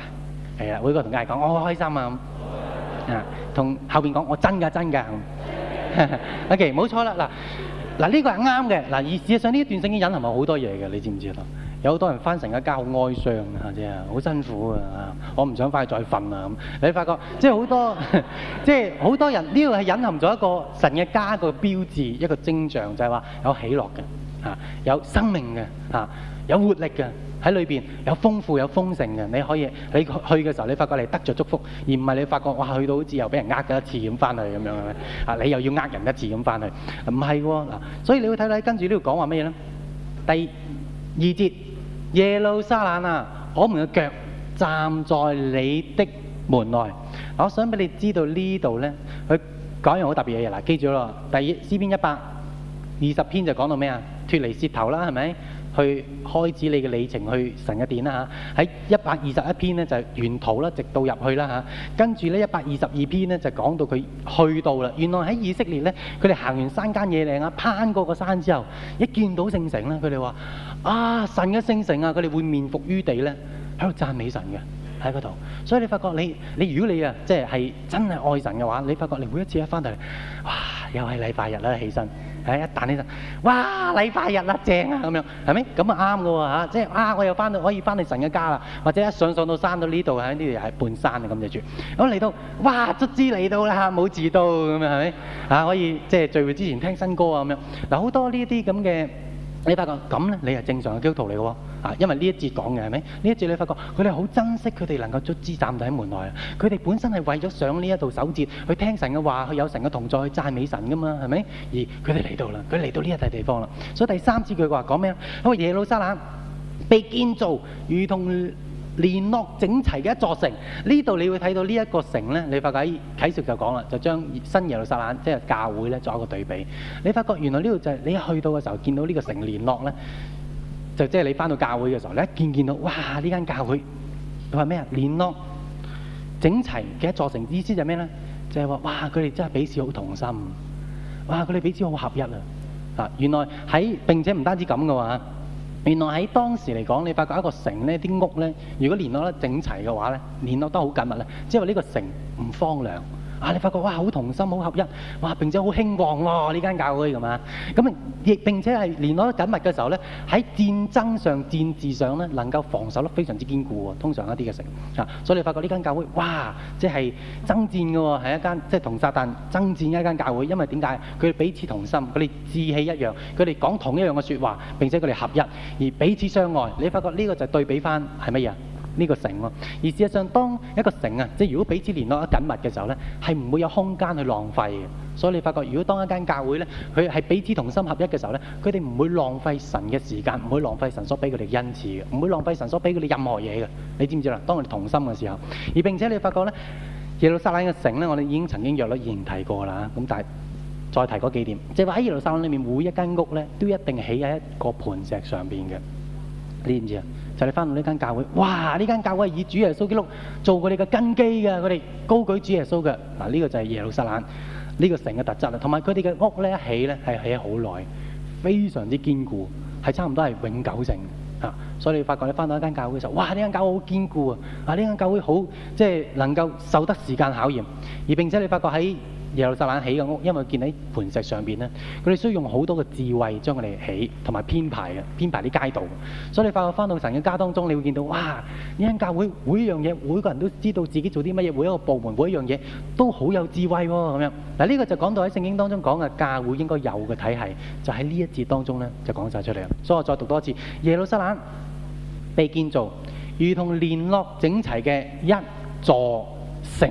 啊，有生命嘅，啊，有活力嘅，喺裏邊有豐富有豐盛嘅，你可以你去嘅時候，你發覺你得着祝福，而唔係你發覺哇，去到好似又俾人呃咗一次咁翻去咁樣嘅，啊，你又要呃人一次咁翻去，唔係喎嗱，所以你會睇睇跟住呢度講話咩嘢咧？第二節耶路撒冷啊，我們嘅腳站在你的門內，啊，我想俾你知道這呢度咧，佢講一樣好特別嘅嘢嗱，記住咯，第二詩篇一百二十篇就講到咩啊？脫離舌頭啦，係咪？去開始你嘅旅程去神嘅殿啦嚇。喺一百二十一篇呢，就係沿途啦，直到入去啦嚇。跟住呢，一百二十二篇呢，就講到佢去到啦。原來喺以色列呢，佢哋行完山間野嶺啊，攀過個山之後，一見到聖城咧，佢哋話：啊，神嘅聖城啊！佢哋會面伏於地呢，喺度讚美神嘅喺嗰度。所以你發覺你你，你如果你啊即係真係愛神嘅話，你發覺你每一次一翻到嚟，哇，又係禮拜日啦，起身。一彈起身，哇！禮拜日啊，正啊，咁樣係咪？咁啊啱嘅喎，即係啊，我又翻到可以翻到神嘅家啦。或者一上上到山到呢度喺呢度又係半山嘅咁就住。咁、啊、嚟到哇，卒之嚟到啦，冇字到，冇遲到，咁樣係咪嚇？可以即係、就是、聚會之前聽新歌啊咁樣。嗱，好多呢啲咁嘅。你發覺咁咧，你係正常嘅基督徒嚟嘅喎，啊，因為呢一節講嘅係咪？呢一節你發覺佢哋好珍惜佢哋能夠足資站立喺門內啊！佢哋本身係為咗上呢一度守節去聽神嘅話，去有神嘅同在，去讚美神㗎嘛，係咪？而佢哋嚟到啦，佢嚟到呢一帶地方啦。所以第三節句話講咩咧？因為耶路撒冷被建造如同，連絡整齊嘅一座城，呢度你會睇到呢一個城呢，你發覺喺啟説就講啦，就將新耶路撒冷即係教會呢作一個對比。你發覺原來呢度就係、是、你去到嘅時候見到呢個城連絡呢，就即係你返到教會嘅時候，你一見一見到哇呢間教會，佢話咩啊？連絡整齊嘅一座城，意思就係咩呢？就係、是、話哇佢哋真係彼此好同心，哇佢哋彼此好合一啊！原來喺並且唔單止咁嘅話。原來喺當時嚟講，你發覺一個城咧，啲屋咧，如果連絡得整齊嘅話咧，連絡得好緊密咧，即係呢個城唔荒涼。啊！你發覺哇，好同心，好合一，哇！並且好興旺喎，呢間教會咁啊，咁亦並且係聯絡得緊密嘅時候咧，喺戰爭上、戰治上咧，能夠防守得非常之堅固喎、啊。通常一啲嘅食物啊，所以你發覺呢間教會哇，即係爭戰嘅喎、啊，係一間即係同撒旦爭戰一間教會，因為點解？佢哋彼此同心，佢哋志氣一樣，佢哋講同一樣嘅説話，並且佢哋合一而彼此相愛。你發覺呢個就係對比翻係乜嘢？呢個城咯，而事實上，當一個城啊，即係如果彼此聯絡得緊密嘅時候呢，係唔會有空間去浪費嘅。所以你發覺，如果當一間教會呢，佢係彼此同心合一嘅時候呢，佢哋唔會浪費神嘅時間，唔會浪費神所俾佢哋嘅恩賜嘅，唔會浪費神所俾佢哋任何嘢嘅。你知唔知啊？當佢哋同心嘅時候，而並且你發覺呢，耶路撒冷嘅城呢，我哋已經曾經約略已經提過啦，咁但係再提嗰幾點，即係話喺耶路撒冷裏面每一間屋呢，都一定起喺一個磐石上邊嘅，你知唔知啊？就是、你翻到呢間教會，哇！呢間教會以主耶穌基督做佢哋嘅根基嘅，佢哋高舉主耶穌嘅嗱，呢、呢個就係耶路撒冷、呢個呢個城嘅特質啦。同埋佢哋嘅屋咧，起咧係起咗好耐，非常之堅固，係差唔多係永久性啊。所以你發覺你翻到一間教會嘅時候，哇！呢間教會好堅固啊，啊呢間教會好即係能夠受得時間考驗，而並且你發覺喺耶路撒冷起嘅屋，因為佢建喺磐石上邊咧，佢哋需要用好多嘅智慧將佢哋起同埋編排嘅，編排啲街道。所以你發覺翻到神嘅家當中，你會見到哇，呢間教會每一樣嘢，每個人都知道自己做啲乜嘢，每一個部門，每一樣嘢，都好有智慧喎、哦、咁樣。嗱、啊、呢、這個就講到喺聖經當中講嘅教會應該有嘅體系，就喺呢一節當中咧就講晒出嚟啦。所以我再讀多一次，耶路撒冷被建造，如同連絡整齊嘅一座城。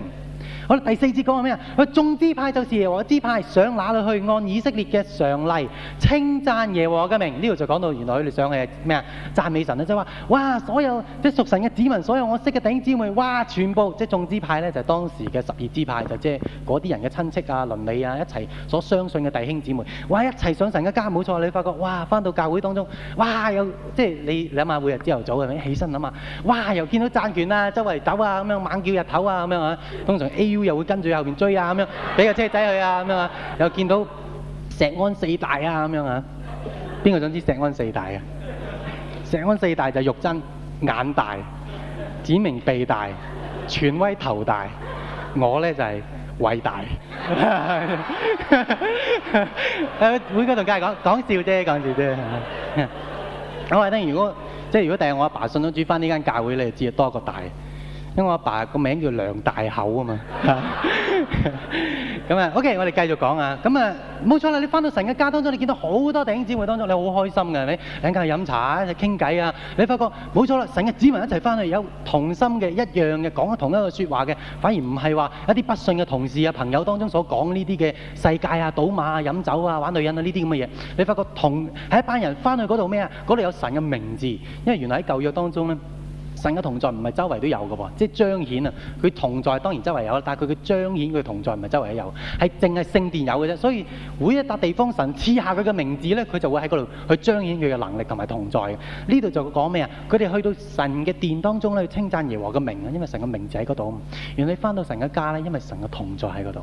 好，第四節講係咩啊？喂，眾支派就是耶和華支派上哪裏去？按以色列嘅常例稱讚耶和華嘅名。呢度就講到原來佢哋上去係咩啊？讚美神啊！即係話，哇！所有即係、就是、屬神嘅子民，所有我識嘅弟兄姊妹，哇！全部即係眾支派咧，就係、是就是、當時嘅十二支派，就即係嗰啲人嘅親戚啊、鄰里啊一齊所相信嘅弟兄姊妹，哇！一齊上神嘅家。冇錯，你發覺哇，返到教會當中，哇！又即係你諗下，每日朝頭早係咪起身諗下？哇！又見到贊拳啊，周圍走啊，咁樣猛叫日頭啊，咁樣啊，通常 A。又會跟住後邊追啊咁樣，俾個車仔佢啊咁樣啊，又見到石安四大啊咁樣嚇，邊個想知石安四大啊？石安四大就肉真眼大、指明鼻大、權威頭大，我咧就係偉大。誒， 每個同家人講講笑啫，講笑啫。我哋咧，如果即係如果第日我阿爸，爸信咗主翻呢間教會你就知係多一個大。因為我阿爸個名叫梁大口啊嘛，咁 啊，OK，我哋繼續講啊。咁啊，冇錯啦，你翻到神嘅家當中，你見到好多弟兄姊妹當中，你好開心嘅係咪？等陣去飲茶啊，一齊傾偈啊。你發覺冇錯啦，神嘅子民一齊翻去有同心嘅，一樣嘅，講咗同一個説話嘅，反而唔係話一啲不信嘅同事啊、朋友當中所講呢啲嘅世界啊、賭馬啊、飲酒啊、玩女人啊呢啲咁嘅嘢。你發覺同喺一班人翻去嗰度咩啊？嗰度有神嘅名字，因為原來喺舊約當中咧。神嘅同在唔係周圍都有嘅喎，即係彰顯啊！佢同在當然周圍有啦，但係佢嘅彰顯佢嘅同在唔係周圍都有，係淨係聖殿有嘅啫。所以每一笪地方神賜下佢嘅名字咧，佢就會喺嗰度去彰顯佢嘅能力同埋同在嘅。呢度就講咩啊？佢哋去到神嘅殿當中咧，去稱讚耶和華嘅名啊，因為神嘅名字喺嗰度。原來你翻到神嘅家咧，因為神嘅同在喺嗰度。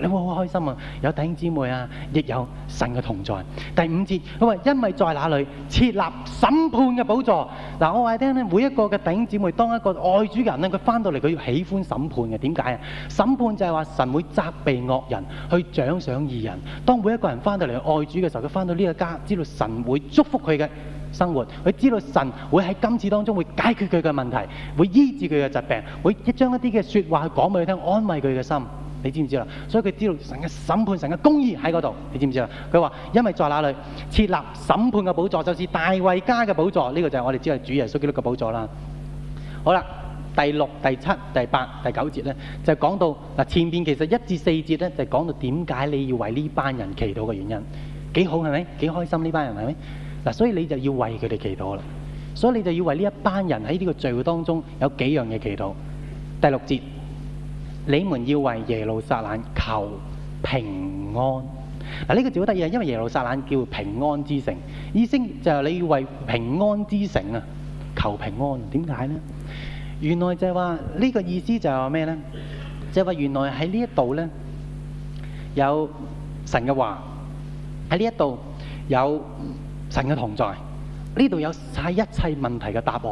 你會好開心啊！有弟兄姊妹啊，亦有神嘅同在。第五節，我話因為在那裏設立審判嘅寶座。嗱，我話你聽咧，每一個嘅弟兄姊妹，當一個愛主嘅人咧，佢翻到嚟，佢要喜歡審判嘅。點解啊？審判就係話神會責備惡人，去獎賞義人。當每一個人翻到嚟愛主嘅時候，佢翻到呢個家，知道神會祝福佢嘅生活。佢知道神會喺今次當中會解決佢嘅問題，會醫治佢嘅疾病，會將一啲嘅説話去講俾佢聽，安慰佢嘅心。你知唔知啦？所以佢知道神嘅審判、神嘅公義喺嗰度。你知唔知啦？佢話因為在哪裏設立審判嘅寶座，就是大衛家嘅寶座。呢個就係我哋知道主耶穌基督嘅寶座啦。好啦，第六、第七、第八、第九節咧，就講到嗱，前邊其實一至四節咧，就講到點解你要為呢班人祈禱嘅原因，幾好係咪？幾開心呢班人係咪？嗱，所以你就要為佢哋祈禱啦。所以你就要為呢一班人喺呢個聚會當中有幾樣嘢祈禱。第六節。你們要為耶路撒冷求平安。嗱，呢個字好得意啊，因為耶路撒冷叫平安之城。意思就係你要為平安之城啊，求平安。點解呢？原來就係話呢個意思就係咩呢？就係話原來喺呢一度呢，有神嘅話喺呢一度有神嘅同在，呢度有晒一切問題嘅答案。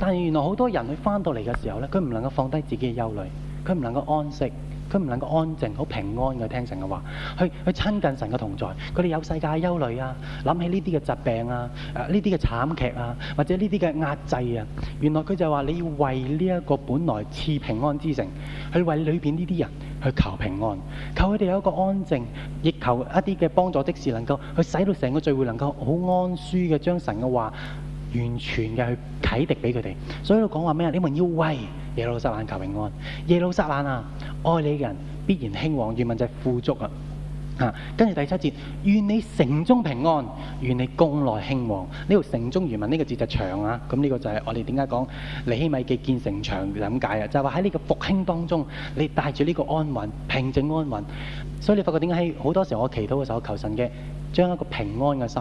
但係原來好多人佢翻到嚟嘅時候呢，佢唔能夠放低自己嘅憂慮。佢唔能夠安息，佢唔能夠安靜，好平安嘅聽神嘅話，去去親近神嘅同在。佢哋有世界憂慮啊，諗起呢啲嘅疾病啊，誒呢啲嘅慘劇啊，或者呢啲嘅壓制啊。原來佢就話你要為呢一個本來似平安之城，去為裏邊呢啲人去求平安，求佢哋有一個安靜，亦求一啲嘅幫助，即使能夠去使到成個聚會能夠好安舒嘅講神嘅話。完全嘅去啟迪俾佢哋，所以佢講話咩啊？你們要為耶路撒冷求平安。耶路撒冷啊，愛你嘅人必然興旺，願民就富足啊！跟住第七節，願你城中平安，願你宮內興旺。呢度城中原文呢、呢個字就長啊，咁呢個就係我哋點解講尼希米嘅建城牆咁解啊？就係話喺呢個復興當中，你帶住呢個安穩、平靜、安穩。所以你發覺點解喺好多時候我祈禱嘅時候我求神嘅，將一個平安嘅心。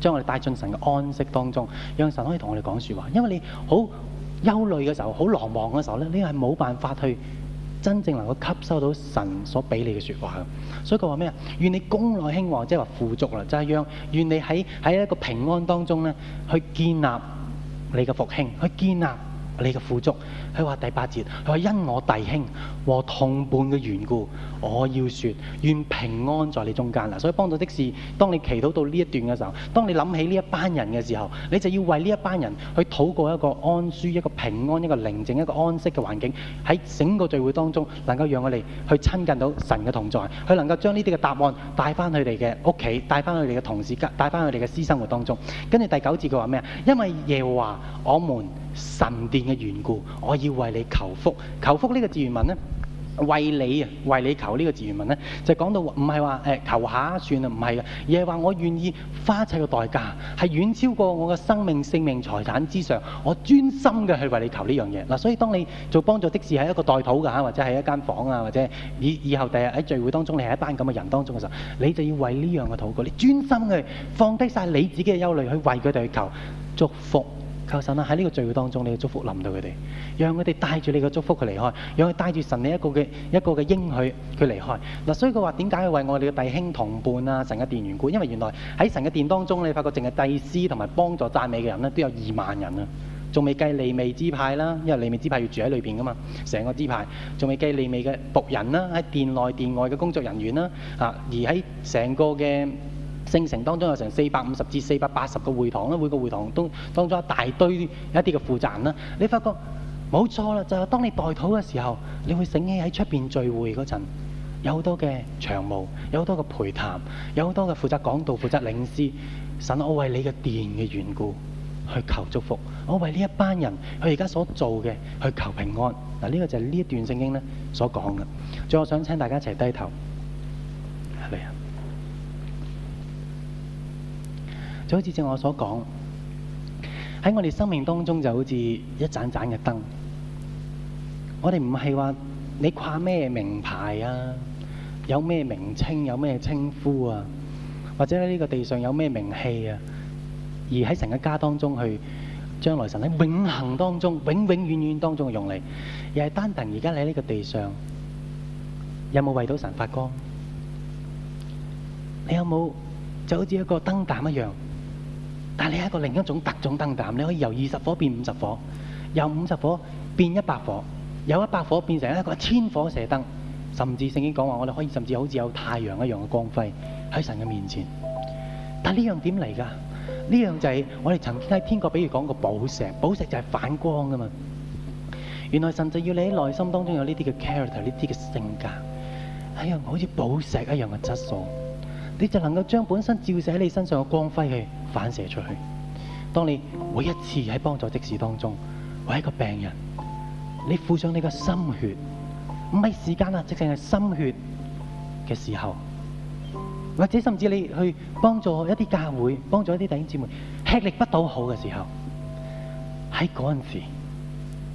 將我哋帶進神嘅安息當中，讓神可以同我哋講説話。因為你好憂慮嘅時候，好慌忙嘅時候咧，呢個係冇辦法去真正能夠吸收到神所俾你嘅説話嘅。所以佢話咩啊？願你宮內興旺，即係話富足啦，就係讓願你喺喺一個平安當中咧，去建立你嘅復興，去建立你嘅富足。佢話，第八節，佢話，因我弟兄和同伴嘅緣故，我要說，願平安在你中間啦。所以幫助的是，當你祈禱到呢一段嘅時候，當你諗起呢一班人嘅時候，你就要為呢一班人去禱告一個安舒、一個平安、一個寧靜、一個安息嘅環境。喺整個聚會當中，能夠讓我哋去親近到神嘅同在，佢能夠將呢啲嘅答案帶翻佢哋嘅屋企，帶翻佢哋嘅同事，帶翻佢哋嘅私生活當中。跟住第九節佢話咩啊？因為耶和華我們神殿嘅緣故，我要。要為你求福，求福呢個字原文呢？為你啊，為你求呢個字原文呢？就講到唔係話誒求下算啦，唔係嘅，而係話我願意花一切代價，係遠超過我嘅生命、性命、財產之上，我專心嘅去為你求呢樣嘢嗱。所以當你做幫助嘅事係一個代禱㗎嚇，或者係一間房啊，或者以以後第日喺聚會當中，你係一班咁嘅人當中嘅時候，你就要為呢樣嘅禱告，你專心去放低晒你自己嘅憂慮，去為佢哋去求祝福。求神啦、啊！喺呢個聚會當中，你嘅祝福臨到佢哋，讓佢哋帶住你嘅祝福佢離開，讓佢帶住神你一個嘅一個嘅應許佢離開。嗱，所以佢話點解要為我哋嘅弟兄同伴啊、神嘅殿員官？因為原來喺神嘅殿當中，你發覺淨係祭司同埋幫助讚美嘅人呢，都有二萬人啊，仲未計利未支派啦，因為利未支派要住喺裏邊噶嘛，成個支派，仲未計利未嘅僕人啦，喺殿內殿外嘅工作人員啦，嚇而喺成個嘅。聖城當中有成四百五十至四百八十個會堂啦，每個會堂都當咗一大堆一啲嘅負責人啦。你發覺冇錯啦，就係當你代禱嘅時候，你會醒起喺出邊聚會嗰陣，有好多嘅長務，有好多嘅陪談，有好多嘅負責講道、負責領詩。神，我為你嘅殿嘅緣故去求祝福，我為呢一班人佢而家所做嘅去求平安。嗱，呢個就係呢一段聖經咧所講嘅。最後我想請大家一齊低頭。就好似正我所講，喺我哋生命當中就好似一盞盞嘅燈。我哋唔係話你掛咩名牌啊，有咩名稱，有咩稱呼啊，或者喺呢個地上有咩名氣啊，而喺神嘅家當中去，將來神喺永恆當中，永永遠遠當中用嚟，而係單憑而家你喺呢個地上，有冇為到神發光？你有冇就好似一個燈膽一樣？但你係一個另一種特種燈膽，你可以由二十火變五十火，由五十火變一百火，由一百火變成一個千火射燈，甚至聖經講話我哋可以甚至好似有太陽一樣嘅光輝喺神嘅面前。但呢樣點嚟㗎？呢樣就係我哋曾經喺天國，比如講過寶石，寶石就係反光㗎嘛。原來神就要你喺內心當中有呢啲嘅 character，呢啲嘅性格，係啊，好似寶石一樣嘅質素。你就能夠將本身照射喺你身上嘅光輝去反射出去。當你每一次喺幫助即時當中，為一個病人，你付上你嘅心血，唔係時間啦，直情係心血嘅時候，或者甚至你去幫助一啲教會，幫助一啲弟兄姊妹，吃力不討好嘅時候，喺嗰陣時，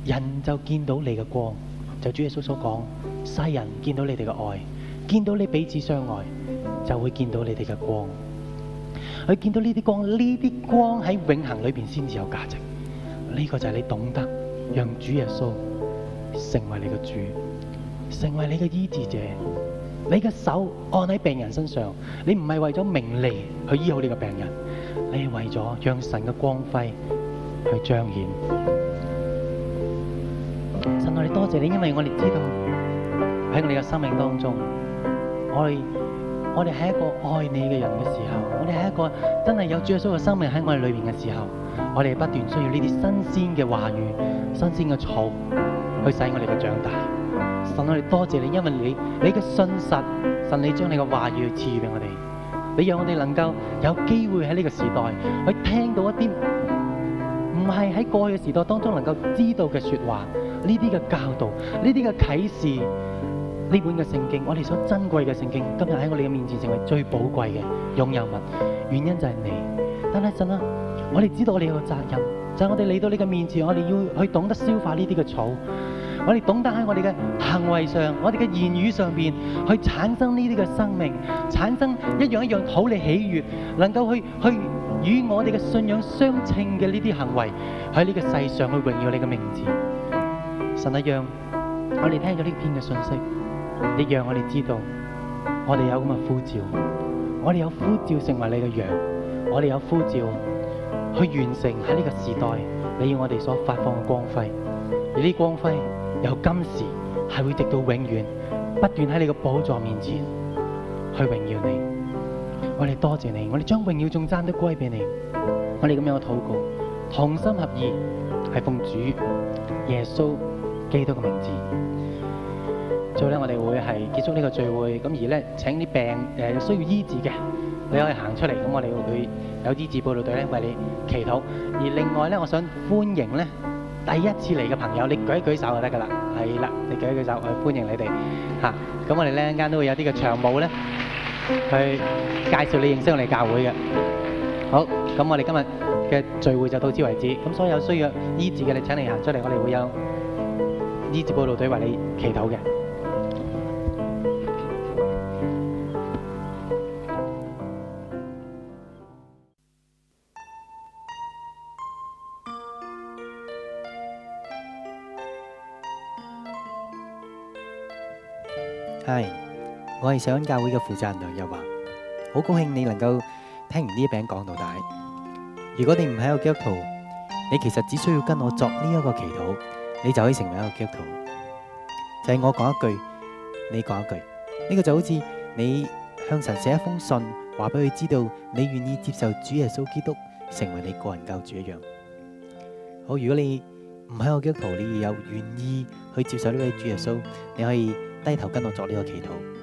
人就見到你嘅光，就主耶穌所講，世人見到你哋嘅愛。見到你彼此相愛，就會見到你哋嘅光。去見到呢啲光，呢啲光喺永恒裏邊先至有價值。呢、這個就係你懂得讓主耶穌成為你嘅主，成為你嘅醫治者。你嘅手按喺病人身上，你唔係為咗名利去醫好你個病人，你係為咗讓神嘅光輝去彰顯。神愛你，多謝你，因為我哋知道喺我哋嘅生命當中。我哋我哋係一個愛你嘅人嘅時候，我哋係一個真係有主耶穌嘅生命喺我哋裏面嘅時候，我哋不斷需要呢啲新鮮嘅話語、新鮮嘅草，去使我哋嘅長大。神我哋多謝你，因為你你嘅信實，神你將你嘅話語去賜予俾我哋，你讓我哋能夠有機會喺呢個時代去聽到一啲唔係喺過去嘅時代當中能夠知道嘅說話，呢啲嘅教導，呢啲嘅啟示。呢本嘅聖經，我哋所珍貴嘅聖經，今日喺我哋嘅面前成為最寶貴嘅擁有物。原因就係你，但係神啊，我哋知道我哋有個責任，就係、是、我哋嚟到你嘅面前，我哋要去懂得消化呢啲嘅草，我哋懂得喺我哋嘅行為上、我哋嘅言語上邊去產生呢啲嘅生命，產生一樣一樣討你喜悅，能夠去去與我哋嘅信仰相稱嘅呢啲行為，喺呢個世上去榮耀你嘅名字。神一樣，我哋聽咗呢篇嘅信息。你讓我哋知道，我哋有咁嘅呼召，我哋有呼召成為你嘅羊，我哋有呼召去完成喺呢個時代你要我哋所發放嘅光輝，而呢光輝由今時係會直到永遠，不斷喺你嘅寶座面前去榮耀你。我哋多謝你，我哋將榮耀頌讚都歸俾你。我哋咁樣嘅禱告，同心合意係奉主耶穌基督嘅名字。最後咧，我哋會係結束呢個聚會，咁而咧請啲病誒、呃、需要醫治嘅，你可以行出嚟，咁我哋會有醫治報道隊咧為你祈禱。而另外咧，我想歡迎咧第一次嚟嘅朋友，你舉一舉手就得噶啦，係啦，你舉一舉手，我會歡迎你哋吓咁、啊、我哋咧一間都會有啲嘅長務咧去介紹你認識我哋教會嘅。好，咁我哋今日嘅聚會就到此為止。咁所有需要醫治嘅，你請你行出嚟，我哋會有醫治報道隊為你祈禱嘅。我係上恩教會嘅負責人梁日華，好高興你能夠聽完呢一篇講道帶。如果你唔係個基督徒，你其實只需要跟我作呢一個祈禱，你就可以成為一個基督徒。就係我講一句，你講一句，呢個就好似你向神寫一封信，話俾佢知道你願意接受主耶穌基督成為你個人救主一樣。好，如果你唔係個基督徒，你又願意去接受呢位主耶穌，你可以低頭跟我作呢個祈禱。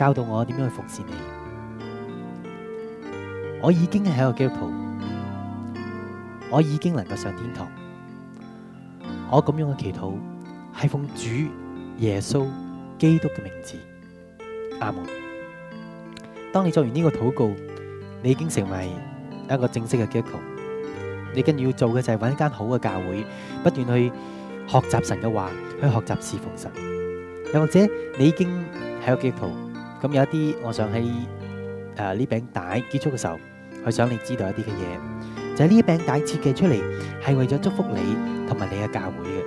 教到我點樣去服侍你，我已經係一個基督徒，我已經能夠上天堂。我咁樣嘅祈禱係奉主耶穌基督嘅名字，阿門。當你做完呢個禱告，你已經成為一個正式嘅基督徒。你跟住要做嘅就係揾一間好嘅教會，不斷去學習神嘅話，去學習侍奉神。又或者你已經係一個基督徒。咁有一啲，我想喺誒呢餅帶結束嘅時候，我想你知道一啲嘅嘢，就係呢餅帶設計出嚟係為咗祝福你同埋你嘅教會嘅。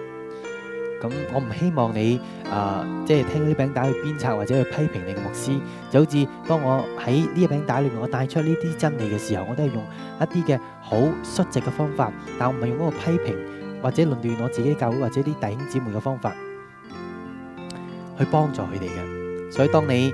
咁我唔希望你誒即係聽呢餅帶去鞭策或者去批評你嘅牧師。就好似當我喺呢餅帶裏面，我帶出呢啲真理嘅時候，我都係用一啲嘅好率直嘅方法，但我唔係用嗰個批評或者論斷我自己教會或者啲弟兄姊妹嘅方法去幫助佢哋嘅。所以當你